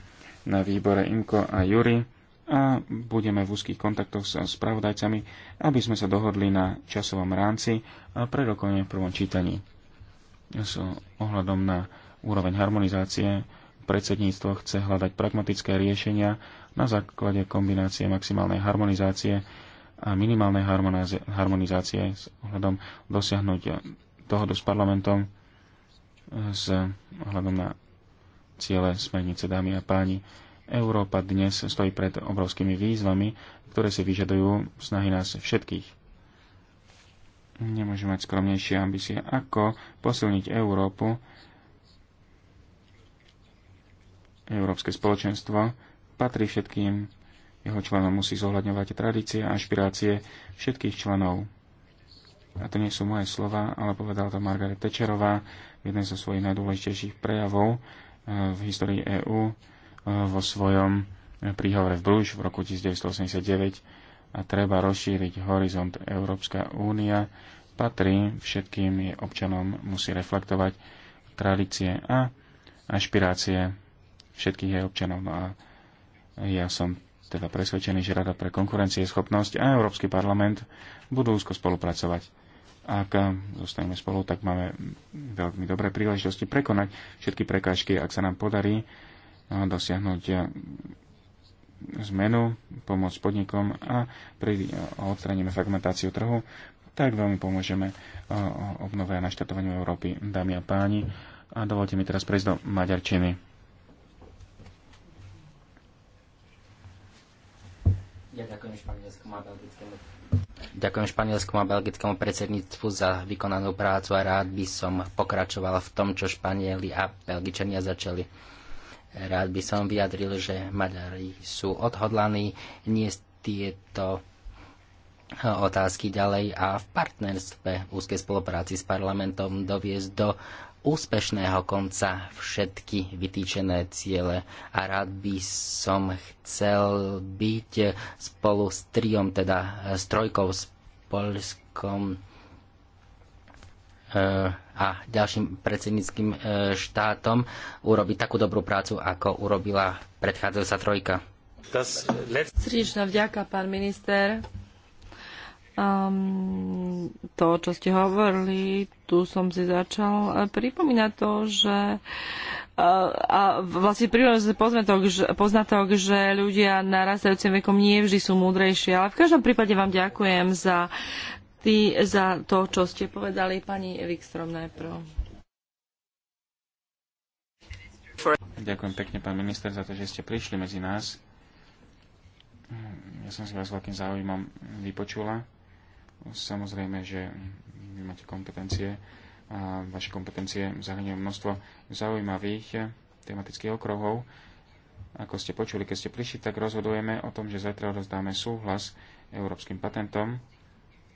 na výbore IMKO a JURY a budeme v úzkých kontaktoch s spravodajcami, aby sme sa dohodli na časovom rámci a prerokovanie v prvom čítaní. S ohľadom na úroveň harmonizácie predsedníctvo chce hľadať pragmatické riešenia na základe kombinácie maximálnej harmonizácie a minimálnej harmonizácie s ohľadom dosiahnuť dohodu s parlamentom s ohľadom na ciele smernice dámy a páni Európa dnes stojí pred obrovskými výzvami, ktoré si vyžadujú snahy nás všetkých. Nemôžeme mať skromnejšie ambície, ako posilniť Európu, Európske spoločenstvo patrí všetkým jeho členom musí zohľadňovať tradície a ašpirácie všetkých členov. A to nie sú moje slova, ale povedala to Margaret Tečerová v jednej zo svojich najdôležitejších prejavov eh, v histórii EÚ vo svojom eh, príhovore v Bruž v roku 1989 a treba rozšíriť horizont Európska únia, patrí všetkým jej občanom, musí reflektovať tradície a ašpirácie všetkých jej občanov. No a ja som teda presvedčený, že Rada pre schopnosť a Európsky parlament budú úzko spolupracovať. Ak eh, zostaneme spolu, tak máme veľmi dobré príležitosti prekonať všetky prekážky, ak sa nám podarí dosiahnuť e, zmenu, pomôcť podnikom a pri e, odstraníme fragmentáciu trhu, tak veľmi pomôžeme e, obnove a naštartovaniu Európy, dámy a páni. A dovolte mi teraz prejsť do Maďarčiny. Ja ďakujem španielskom a Belgickému. Ďakujem a predsedníctvu za vykonanú prácu a rád by som pokračoval v tom, čo Španieli a Belgičania začali. Rád by som vyjadril, že Maďari sú odhodlaní niesť tieto otázky ďalej a v partnerstve úzkej spolupráci s parlamentom doviesť do úspešného konca všetky vytýčené ciele a rád by som chcel byť spolu s triom, teda s trojkou, s Polskom, e, a ďalším predsedníckým e, štátom urobiť takú dobrú prácu, ako urobila predchádzajúca trojka. Srdečná vďaka, pán minister. Um, to, čo ste hovorili, tu som si začal e, pripomínať to, že e, a vlastne prírodný poznatok, poznatok, že ľudia narastajúcim vekom nie vždy sú múdrejší. Ale v každom prípade vám ďakujem za vy za to, čo ste povedali, pani Wikstrom najprv. Ďakujem pekne, pán minister, za to, že ste prišli medzi nás. Ja som si vás veľkým záujmom vypočula. Samozrejme, že vy máte kompetencie a vaše kompetencie zahrňujú množstvo zaujímavých tematických okruhov. Ako ste počuli, keď ste prišli, tak rozhodujeme o tom, že zajtra rozdáme súhlas európskym patentom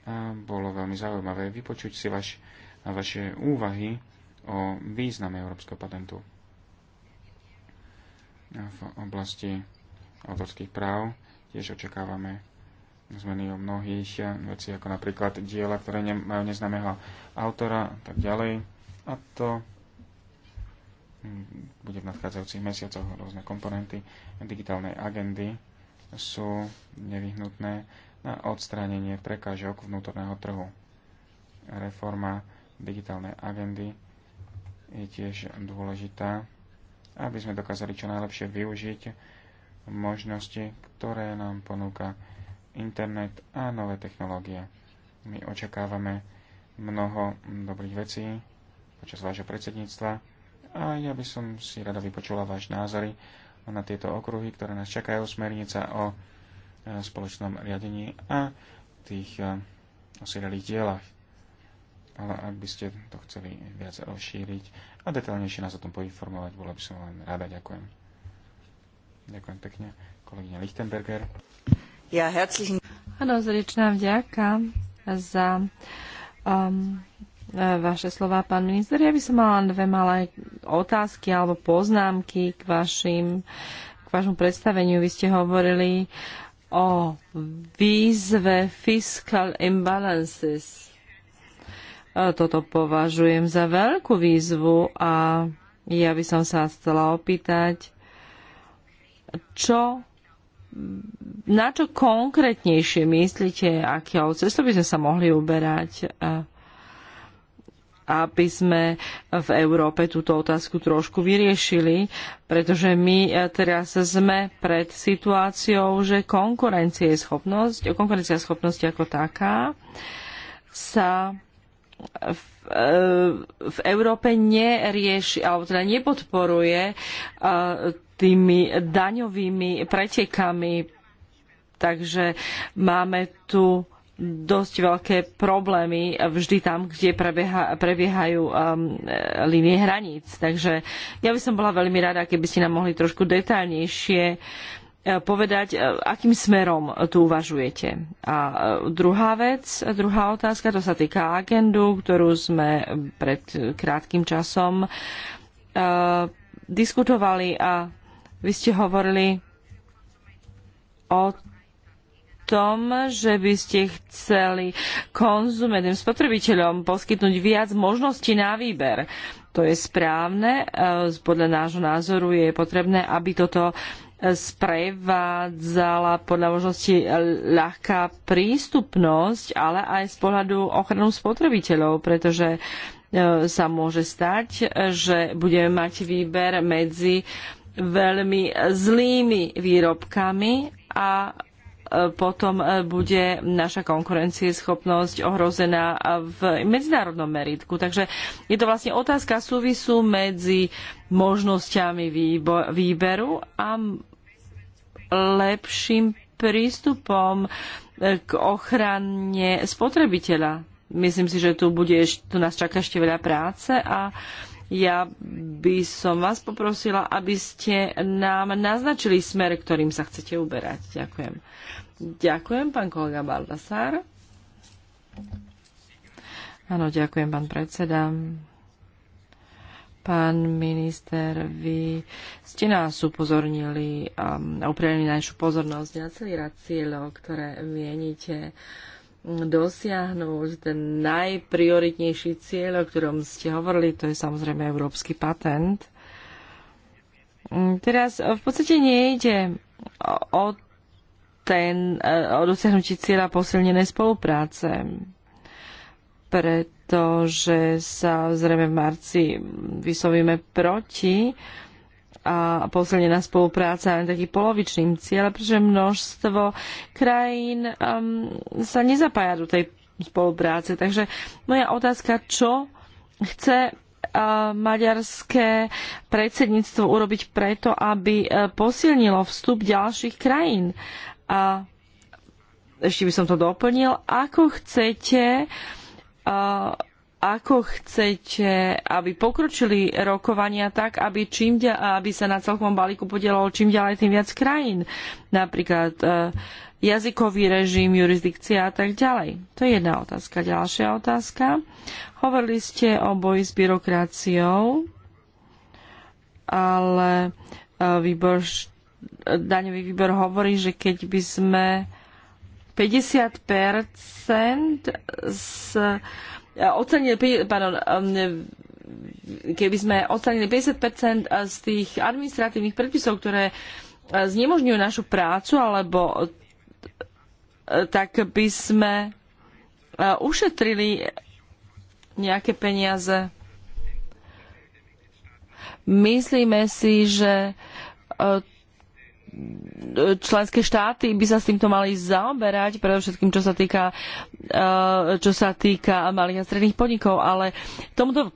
a bolo veľmi zaujímavé vypočuť si vaš, vaše úvahy o význame európskeho patentu v oblasti autorských práv. Tiež očakávame zmeny o mnohých veci, ako napríklad diela, ktoré majú neznámeho autora a tak ďalej. A to bude v nadchádzajúcich mesiacoch rôzne komponenty digitálnej agendy sú nevyhnutné na odstránenie prekážok vnútorného trhu. Reforma digitálnej agendy je tiež dôležitá, aby sme dokázali čo najlepšie využiť možnosti, ktoré nám ponúka internet a nové technológie. My očakávame mnoho dobrých vecí počas vášho predsedníctva a ja by som si rada vypočula váš názory na tieto okruhy, ktoré nás čakajú. Smernica o Eh, spoločnom riadení a tých eh, osirelých dielach. Ale ak by ste to chceli viac rozšíriť a detaľnejšie nás o tom poinformovať, bola by som len rada. Ďakujem. Ďakujem pekne. Kolegyňa Lichtenberger. Ja herzlichen... Áno, zrečná vďaka za um, eh, vaše slova, pán minister. Ja by som mala dve malé otázky alebo poznámky k vašim k vášmu predstaveniu. Vy ste hovorili o výzve fiscal imbalances. E, toto považujem za veľkú výzvu a ja by som sa chcela opýtať, čo na čo konkrétnejšie myslíte, akého cestu by sme sa mohli uberať? A e, aby sme v Európe túto otázku trošku vyriešili, pretože my eh, teraz sme pred situáciou, že konkurencia konkurencia schopnosť ako taká sa v, eh, v Európe nerieši, alebo teda nepodporuje eh, tými daňovými pretekami. Takže máme tu dosť veľké problémy vždy tam, kde prebieha, prebiehajú um, línie hraníc. Takže ja by som bola veľmi rada, keby ste nám mohli trošku detaľnejšie uh, povedať, uh, akým smerom tu uvažujete. A uh, druhá vec, druhá otázka, to sa týka agendu, ktorú sme pred krátkým časom uh, diskutovali a vy ste hovorili o tom, že by ste chceli konzumentným spotrebiteľom poskytnúť viac možností na výber. To je správne. E, podľa nášho názoru je potrebné, aby toto sprevádzala podľa možnosti ľahká prístupnosť, ale aj z pohľadu ochranu spotrebiteľov, pretože e, sa môže stať, že budeme mať výber medzi veľmi zlými výrobkami a potom e, bude naša konkurencieschopnosť ohrozená v medzinárodnom meritku. Takže je to vlastne otázka súvisu medzi možnosťami výberu a lepším prístupom e, k ochrane spotrebiteľa. Myslím si, že tu, bude, tu nás čaká ešte veľa práce a uh, ja by som vás poprosila, aby ste nám naznačili smer, ktorým sa chcete uberať. Ďakujem. Ďakujem, pán kolega Baldasár. Áno, ďakujem, pán predseda. Pán minister, vy ste nás upozornili um, a um, upriamili našu pozornosť na celý rad cieľov, ktoré mienite uh, dosiahnuť ten najprioritnejší cieľ, o ktorom ste hovorili, to je samozrejme európsky patent. Teraz eh, v podstate nejde o, ten, eh, o dosiahnutie cieľa posilnené spolupráce, pretože sa zrejme v marci vyslovíme proti a posilnená spolupráca len taký polovičným cieľom, pretože množstvo krajín um, sa nezapája do tej spolupráce. Takže moja otázka, čo chce uh, maďarské predsedníctvo urobiť preto, aby uh, posilnilo vstup ďalších krajín. A ešte by som to doplnil, ako chcete uh, ako chcete, aby pokročili rokovania tak, aby, čím aby sa na celkom balíku podielalo čím ďalej tým viac krajín. Napríklad e, jazykový režim, jurisdikcia a tak ďalej. To je jedna otázka. Ďalšia otázka. Hovorili ste o boji s byrokraciou, ale e, výbor, e, daňový výbor hovorí, že keď by sme 50% z E, ocenili, pardon, um, e, keby sme ocenili 50% z tých administratívnych predpisov, ktoré e, znemožňujú našu prácu, alebo tak by sme ušetrili nejaké peniaze. Myslíme si, že členské štáty by sa s týmto mali zaoberať, predovšetkým čo sa týka, eh, čo sa týka malých a stredných podnikov, ale tomuto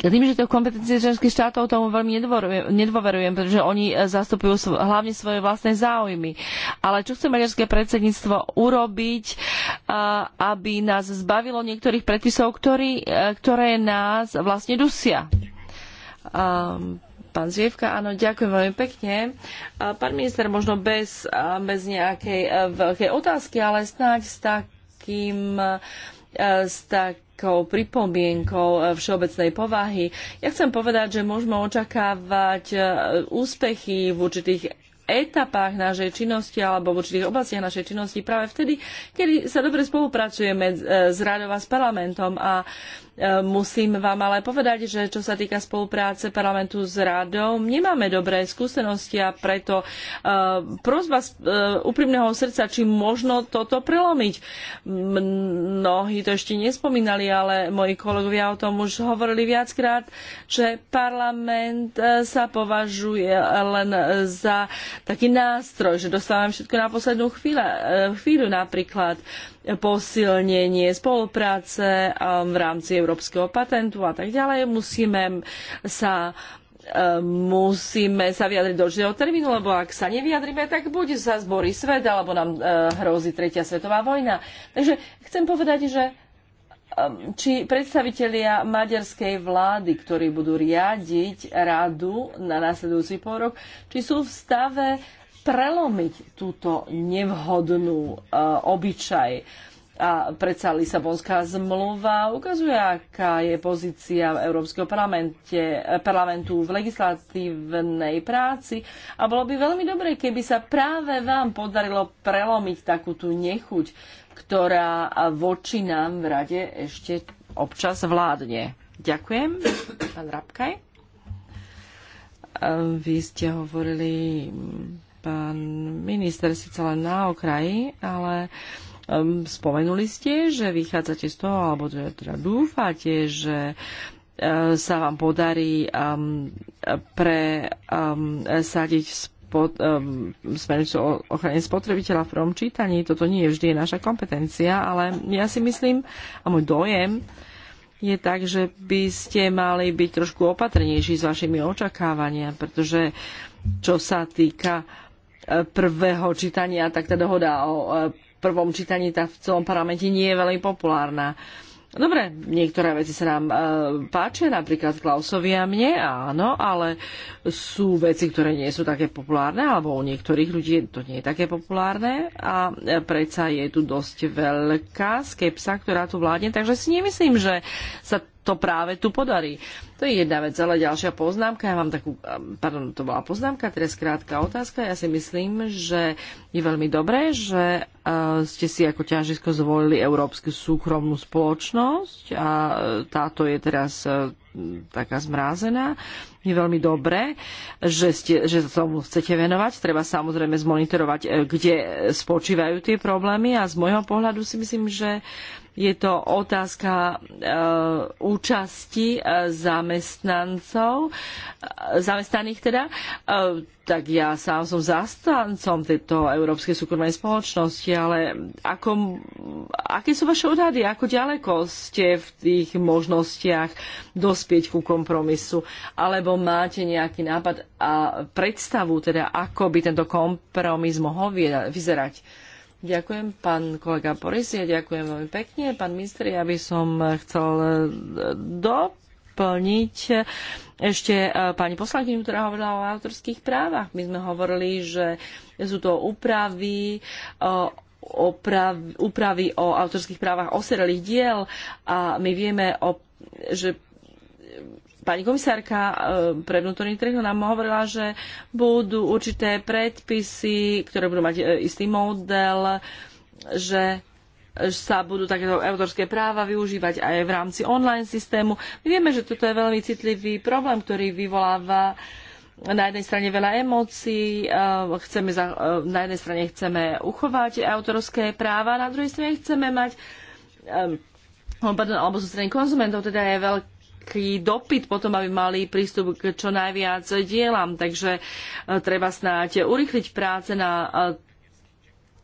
tým, že to kompetencie členských štátov, tomu veľmi nedôverujem, pretože oni zastupujú hlavne svoje vlastné záujmy. Ale čo chce maďarské predsedníctvo urobiť, eh, aby nás zbavilo niektorých predpisov, ktorý, eh, ktoré nás vlastne dusia? Ehm, Pán zievka, áno, ďakujem veľmi pekne. Pán minister, možno bez, bez nejakej e, veľkej otázky, ale snáď s takým e, s takou pripomienkou e, všeobecnej povahy. Ja chcem povedať, že môžeme očakávať úspechy v určitých etapách našej činnosti alebo v určitých oblastiach našej činnosti práve vtedy, kedy sa dobre spolupracujeme s radou a s parlamentom a Musím vám ale povedať, že čo sa týka spolupráce parlamentu s radou, nemáme dobré skúsenosti a preto e, prosba z e, úprimného srdca, či možno toto prelomiť. Mnohí to ešte nespomínali, ale moji kolegovia o tom už hovorili viackrát, že parlament e, sa považuje len za taký nástroj, že dostávame všetko na poslednú chvíľu napríklad posilnenie spolupráce um, v rámci európskeho patentu a tak ďalej. Musíme sa um, musíme sa vyjadriť do určitého termínu, lebo ak sa nevyjadrime, tak buď sa zborí svet, alebo nám uh, hrozí tretia svetová vojna. Takže chcem povedať, že um, či predstavitelia maďarskej vlády, ktorí budú riadiť radu na následujúci pôrok, či sú v stave prelomiť túto nevhodnú e, obyčaj. A predsa Lisabonská zmluva ukazuje, aká je pozícia Európskeho e, parlamentu v legislatívnej práci a bolo by veľmi dobre, keby sa práve vám podarilo prelomiť takú tú nechuť, ktorá voči nám v rade ešte občas vládne. Ďakujem, pán Rabkaj. Vy ste hovorili Pán minister síce len na okraji, ale um, spomenuli ste, že vychádzate z toho, alebo teda dúfate, že uh, sa vám podarí um, pre um, sadiť spod, um, smernicu o ochrane spotrebiteľa v prvom čítaní. Toto nie je vždy je naša kompetencia, ale ja si myslím, a môj dojem je tak, že by ste mali byť trošku opatrnejší s vašimi očakávania, pretože čo sa týka prvého čítania, tak tá dohoda o e, prvom čítaní tá v celom parlamente nie je veľmi populárna. Dobre, niektoré veci sa nám e, páčia, napríklad Klausovi a mne, áno, ale sú veci, ktoré nie sú také populárne, alebo u niektorých ľudí to nie je také populárne a e, predsa je tu dosť veľká skepsa, ktorá tu vládne, takže si nemyslím, že sa to práve tu podarí. To je jedna vec, ale ďalšia poznámka, ja mám takú, um, pardon, to bola poznámka, teraz krátka otázka. Ja si myslím, že je veľmi dobré, že uh, ste si ako ťažisko zvolili Európsku súkromnú spoločnosť a uh, táto je teraz uh, taká zmrázená. Je veľmi dobré, že, ste, že sa tomu chcete venovať. Treba samozrejme zmonitorovať, kde spočívajú tie problémy a z môjho pohľadu si myslím, že uh, je to otázka e, účasti e, zamestnancov, e, zamestnaných teda. E, tak ja sám som zastancom tejto Európskej súkromnej spoločnosti, ale ako, aké sú vaše odhady? Ako ďaleko ste v tých možnostiach dospieť ku kompromisu? Alebo máte nejaký nápad a predstavu, teda ako by tento kompromis mohol vyzerať? Ďakujem, pán kolega Boris, ja ďakujem veľmi pekne. Pán minister, ja by som chcel e, doplniť ešte e, pani poslankyňu, ktorá hovorila o autorských právach. My sme hovorili, že sú to úpravy e, úpravy o autorských právach oserelých diel a my vieme, o, že Pani komisárka e, pre vnútorný trh nám hovorila, že budú určité predpisy, ktoré budú mať e, istý model, že sa budú takéto autorské práva využívať aj v rámci online systému. My vieme, že toto je veľmi citlivý problém, ktorý vyvoláva e, na jednej strane veľa emócií, chceme za, na jednej strane chceme uchovať autorské práva, na druhej strane chceme mať alebo zo strany konzumentov teda je veľký veľký dopyt potom, aby mali prístup k čo najviac dielam. Takže e, treba snáď urychliť práce na e,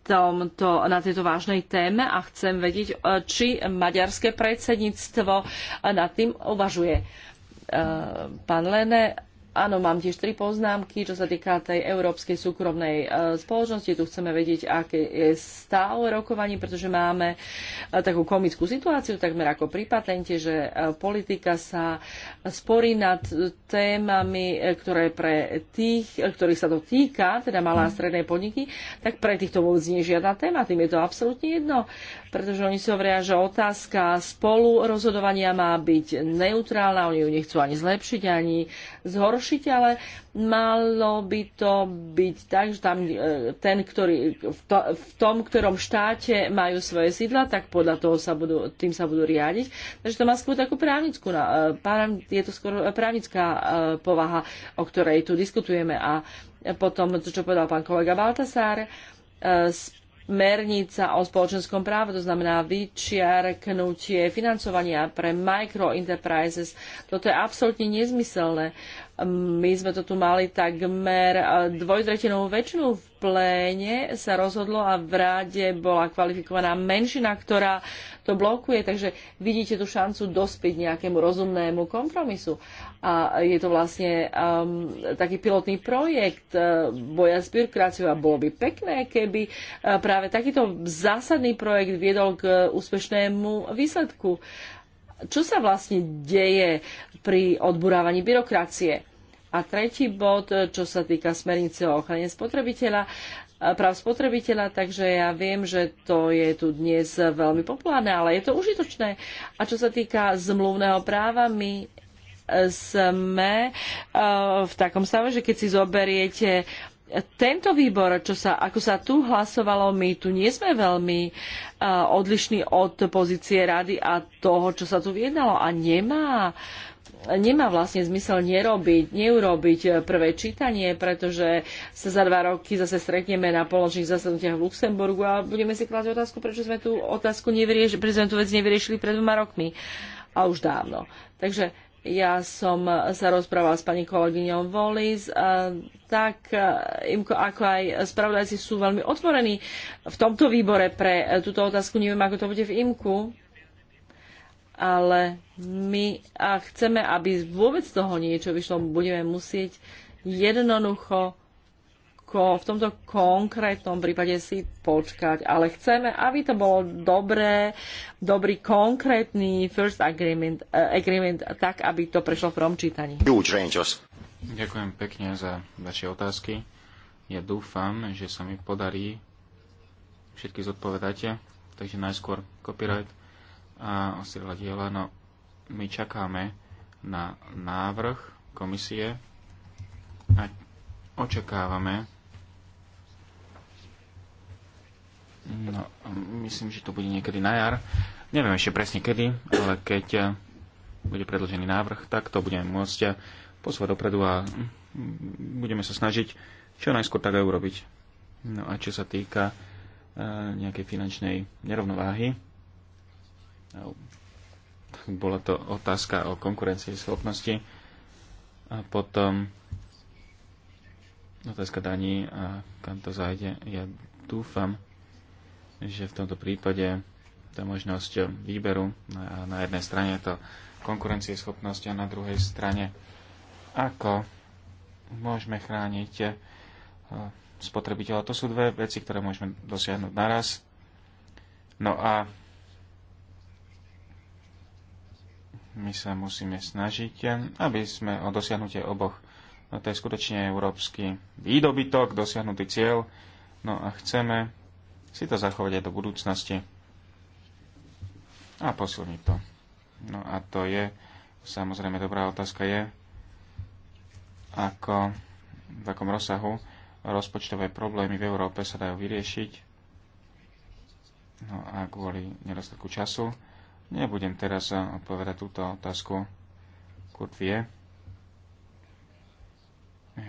tomto, na tejto vážnej téme a chcem vedieť, e, či maďarské predsedníctvo nad tým uvažuje. Pán Lene, Áno, mám tiež tri poznámky, čo sa týka tej Európskej súkromnej e, spoločnosti. Tu chceme vedieť, aké je stále rokovanie, pretože máme e, takú komickú situáciu, takmer ako pri patente, že e, politika sa sporí nad témami, ktoré pre tých, ktorých sa to týka, teda malá a stredné podniky, tak pre tých to vôbec nie je žiadna téma. Tým je to absolútne jedno, pretože oni si hovoria, že otázka spolu rozhodovania má byť neutrálna, oni ju nechcú ani zlepšiť, ani zhoršiť zrušiť, ale malo by to byť tak, že tam e, ten, ktorý v, to, v tom, ktorom štáte majú svoje sídla, tak podľa toho sa budú, tým sa budú riadiť. Takže to má skôr takú právnickú, e, je to skôr e, právnická povaha, o ktorej tu diskutujeme. A potom, to, čo povedal pán kolega Baltasár, mernica o spoločenskom práve, to znamená vyčiarknutie financovania pre microenterprises. Toto je absolútne nezmyselné. My sme to tu mali takmer e, dvojtretinovú väčšinu v pléne sa rozhodlo a v rade bola kvalifikovaná menšina, ktorá to blokuje. Takže vidíte tú šancu dospiť nejakému rozumnému kompromisu. A je to vlastne um, taký pilotný projekt uh, boja s byrokraciou a bolo by pekné, keby uh, práve takýto zásadný projekt viedol k uh, úspešnému výsledku. Čo sa vlastne deje pri odburávaní byrokracie? A tretí bod, čo sa týka smernice o ochrane spotrebiteľa, uh, práv spotrebiteľa, takže ja viem, že to je tu dnes veľmi populárne, ale je to užitočné. A čo sa týka zmluvného práva, my sme e, v takom stave, že keď si zoberiete tento výbor, čo sa, ako sa tu hlasovalo, my tu nie sme veľmi e, odlišní od pozície rady a toho, čo sa tu viednalo. A nemá, nemá vlastne zmysel nerobiť, neurobiť prvé čítanie, pretože sa za dva roky zase stretneme na poločných zasadnutiach v Luxemburgu a budeme si klásť otázku, prečo sme tú otázku nevyriešili, prečo sme tú vec nevyriešili pred dvoma rokmi a už dávno. Takže ja som sa rozprávala s pani kolegyňou Volis, tak e, Imko, ako aj spravodajci sú veľmi otvorení v tomto výbore pre e, túto otázku. Neviem, ako to bude v Imku, ale my chceme, aby vôbec toho niečo vyšlo, budeme musieť jednoducho v tomto konkrétnom prípade si počkať, ale chceme, aby to bolo dobré, dobrý konkrétny first agreement, eh, agreement tak, aby to prešlo v prvom čítaní. Ďakujem pekne za vaše otázky. Ja dúfam, že sa mi podarí všetky zodpovedáte, takže najskôr copyright a osiedla diela. No, my čakáme na návrh komisie a očakávame No, myslím, že to bude niekedy na jar. Neviem ešte presne kedy, ale keď eh, bude predložený návrh, tak to budeme môcť eh, pozvať dopredu a mm, budeme sa snažiť čo najskôr tak aj urobiť. No a čo sa týka eh, nejakej finančnej nerovnováhy, bola to otázka o konkurencii schopnosti a potom otázka daní a kam to zajde. Ja dúfam, že v tomto prípade tá možnosť výberu na, na jednej strane je to konkurencieschopnosť a na druhej strane ako môžeme chrániť eh, spotrebiteľa. To sú dve veci, ktoré môžeme dosiahnuť naraz. No a my sa musíme snažiť, eh, aby sme o dosiahnutie oboch. No to je skutočne európsky výdobytok, dosiahnutý cieľ. No a chceme si to zachovať aj do budúcnosti a posilniť to. No a to je, samozrejme, dobrá otázka je, ako, v akom rozsahu rozpočtové problémy v Európe sa dajú vyriešiť. No a kvôli nedostatku času nebudem teraz odpovedať túto otázku. Kurt vie. E,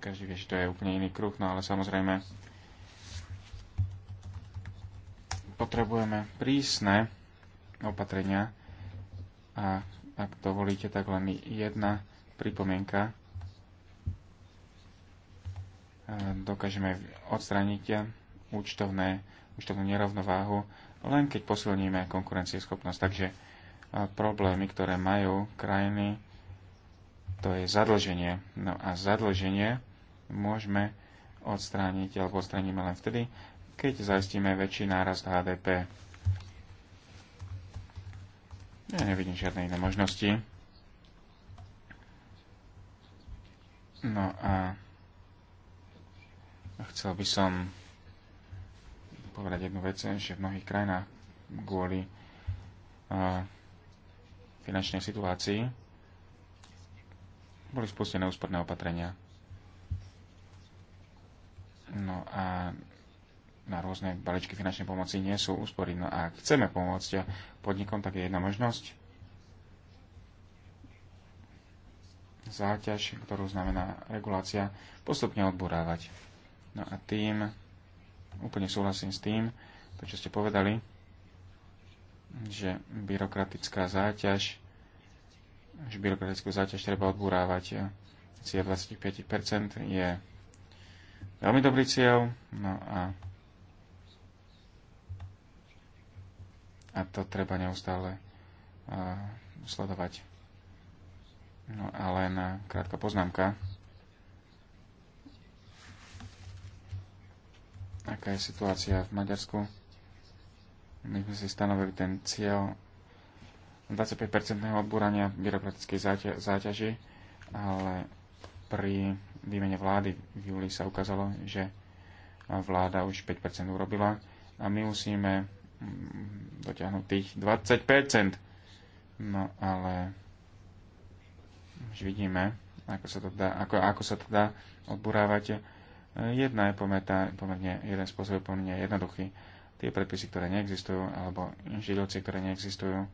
každý vie, že to je úplne iný kruh, no ale samozrejme potrebujeme prísne opatrenia a ak dovolíte, tak len jedna pripomienka. E, dokážeme odstrániť účtovné, účtovnú nerovnováhu len keď posilníme konkurencieschopnosť. Takže e, problémy, ktoré majú krajiny, to je zadlženie. No a zadlženie môžeme odstrániť alebo odstraníme len vtedy, keď zaistíme väčší nárast HDP. Ja nevidím žiadne iné možnosti. No a chcel by som povedať jednu vec, že v mnohých krajinách kvôli finančnej situácii boli spustené úsporné opatrenia. No a na rôzne balíčky finančnej pomoci nie sú úspory. No a ak chceme pomôcť podnikom, tak je jedna možnosť. Záťaž, ktorú znamená regulácia, postupne odburávať. No a tým, úplne súhlasím s tým, to čo ste povedali, že byrokratická záťaž, že byrokratickú záťaž treba odburávať. Cieľ 25% je veľmi dobrý cieľ, no a a to treba neustále uh, sledovať. No a len krátka poznámka. Aká je situácia v Maďarsku? My sme si stanovili ten cieľ 25 odbúrania byrokratickej záťa- záťaži, ale pri výmene vlády v júli sa ukázalo, že vláda už 5% urobila a my musíme Mm, dotiahnuť tých 20%. No ale už vidíme, ako sa to dá, ako, ako sa to dá odburávať. Jedna je pomerne, pomerne jeden spôsob je pomerne jednoduchý. Tie predpisy, ktoré neexistujú, alebo židovci, ktoré neexistujú,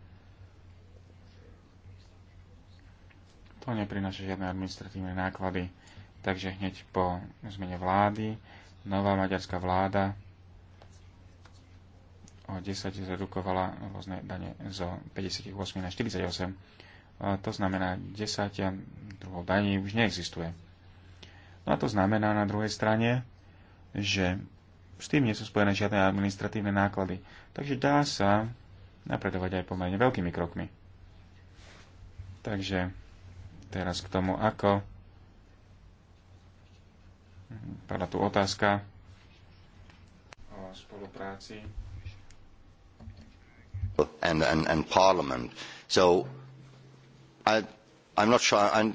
to neprináša žiadne administratívne náklady. Takže hneď po zmene vlády, nová maďarská vláda o 10 zredukovala rôzne dane zo 58 na 48. To znamená, 10 druhov daní už neexistuje. No a to znamená na druhej strane, že s tým nie sú spojené žiadne administratívne náklady. Takže dá sa napredovať aj pomerne veľkými krokmi. Takže teraz k tomu, ako padla tu otázka o spolupráci and, and, and Parliament. So I, I'm not sure, I'm,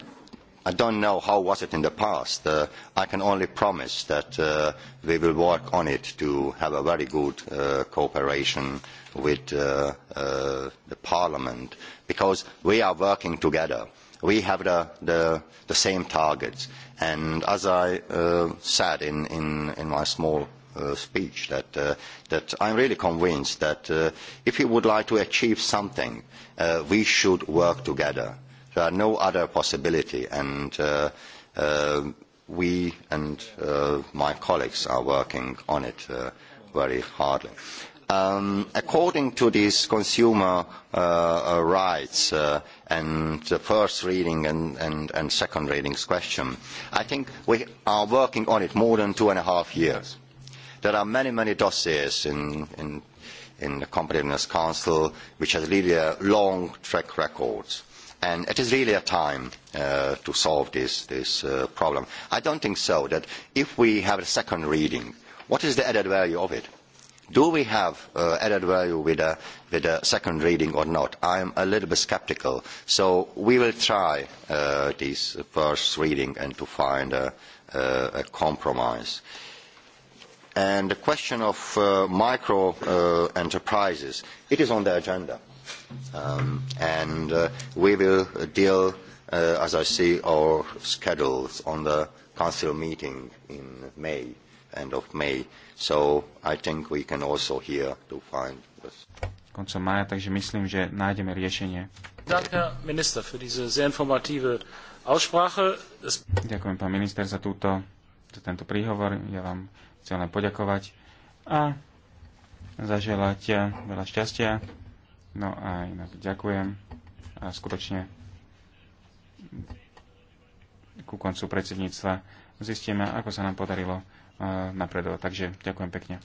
I don't know how was it in the past. Uh, I can only promise that uh, we will work on it to have a very good uh, cooperation with uh, uh, the Parliament because we are working together. We have the, the, the same targets. And as I uh, said in, in, in my small uh, speech that, uh, that I'm really convinced that uh, if we would like to achieve something, uh, we should work together. There are no other possibility, and uh, uh, we and uh, my colleagues are working on it uh, very hardly. Um, according to these consumer uh, rights uh, and the first reading and, and, and second readings question, I think we are working on it more than two and a half years There are many, many dossiers in, in, in the Competitiveness Council which has really a long track record. And it is really a time uh, to solve this, this uh, problem. I don't think so that if we have a second reading, what is the added value of it? Do we have uh, added value with a, with a second reading or not? I am a little bit sceptical. So we will try uh, this first reading and to find a, a, a compromise. Uh, And the question of uh, micro uh, enterprises, it is on the agenda. Um, and uh, we will deal, uh, as I see, our schedules on the council meeting in May, end of May. So I think we can also here to find this. Koncom takže myslím, že nájdeme riešenie. Ďakujem, pán minister, za, túto, za tento príhovor. Ja vám Chcem len poďakovať a zaželať veľa šťastia. No a inak ďakujem a skutočne ku koncu predsedníctva zistíme, ako sa nám podarilo eh, napredovať. Takže ďakujem pekne.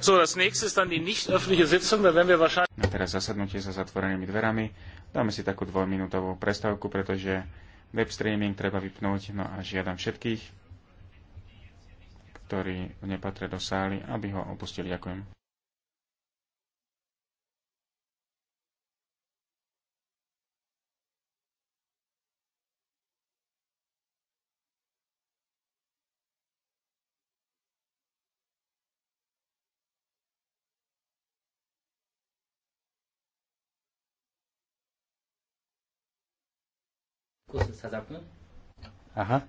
So, das nächste ist dann die nicht öffentliche Sitzung, da werden wir wahrscheinlich... A teraz zasadnutie sa zatvorenými dverami. Dáme si takú dvojminútovú prestávku, pretože web streaming treba vypnúť. No a žiadam všetkých, ktorí nepatria do sály, aby ho opustili. Ďakujem. Aha.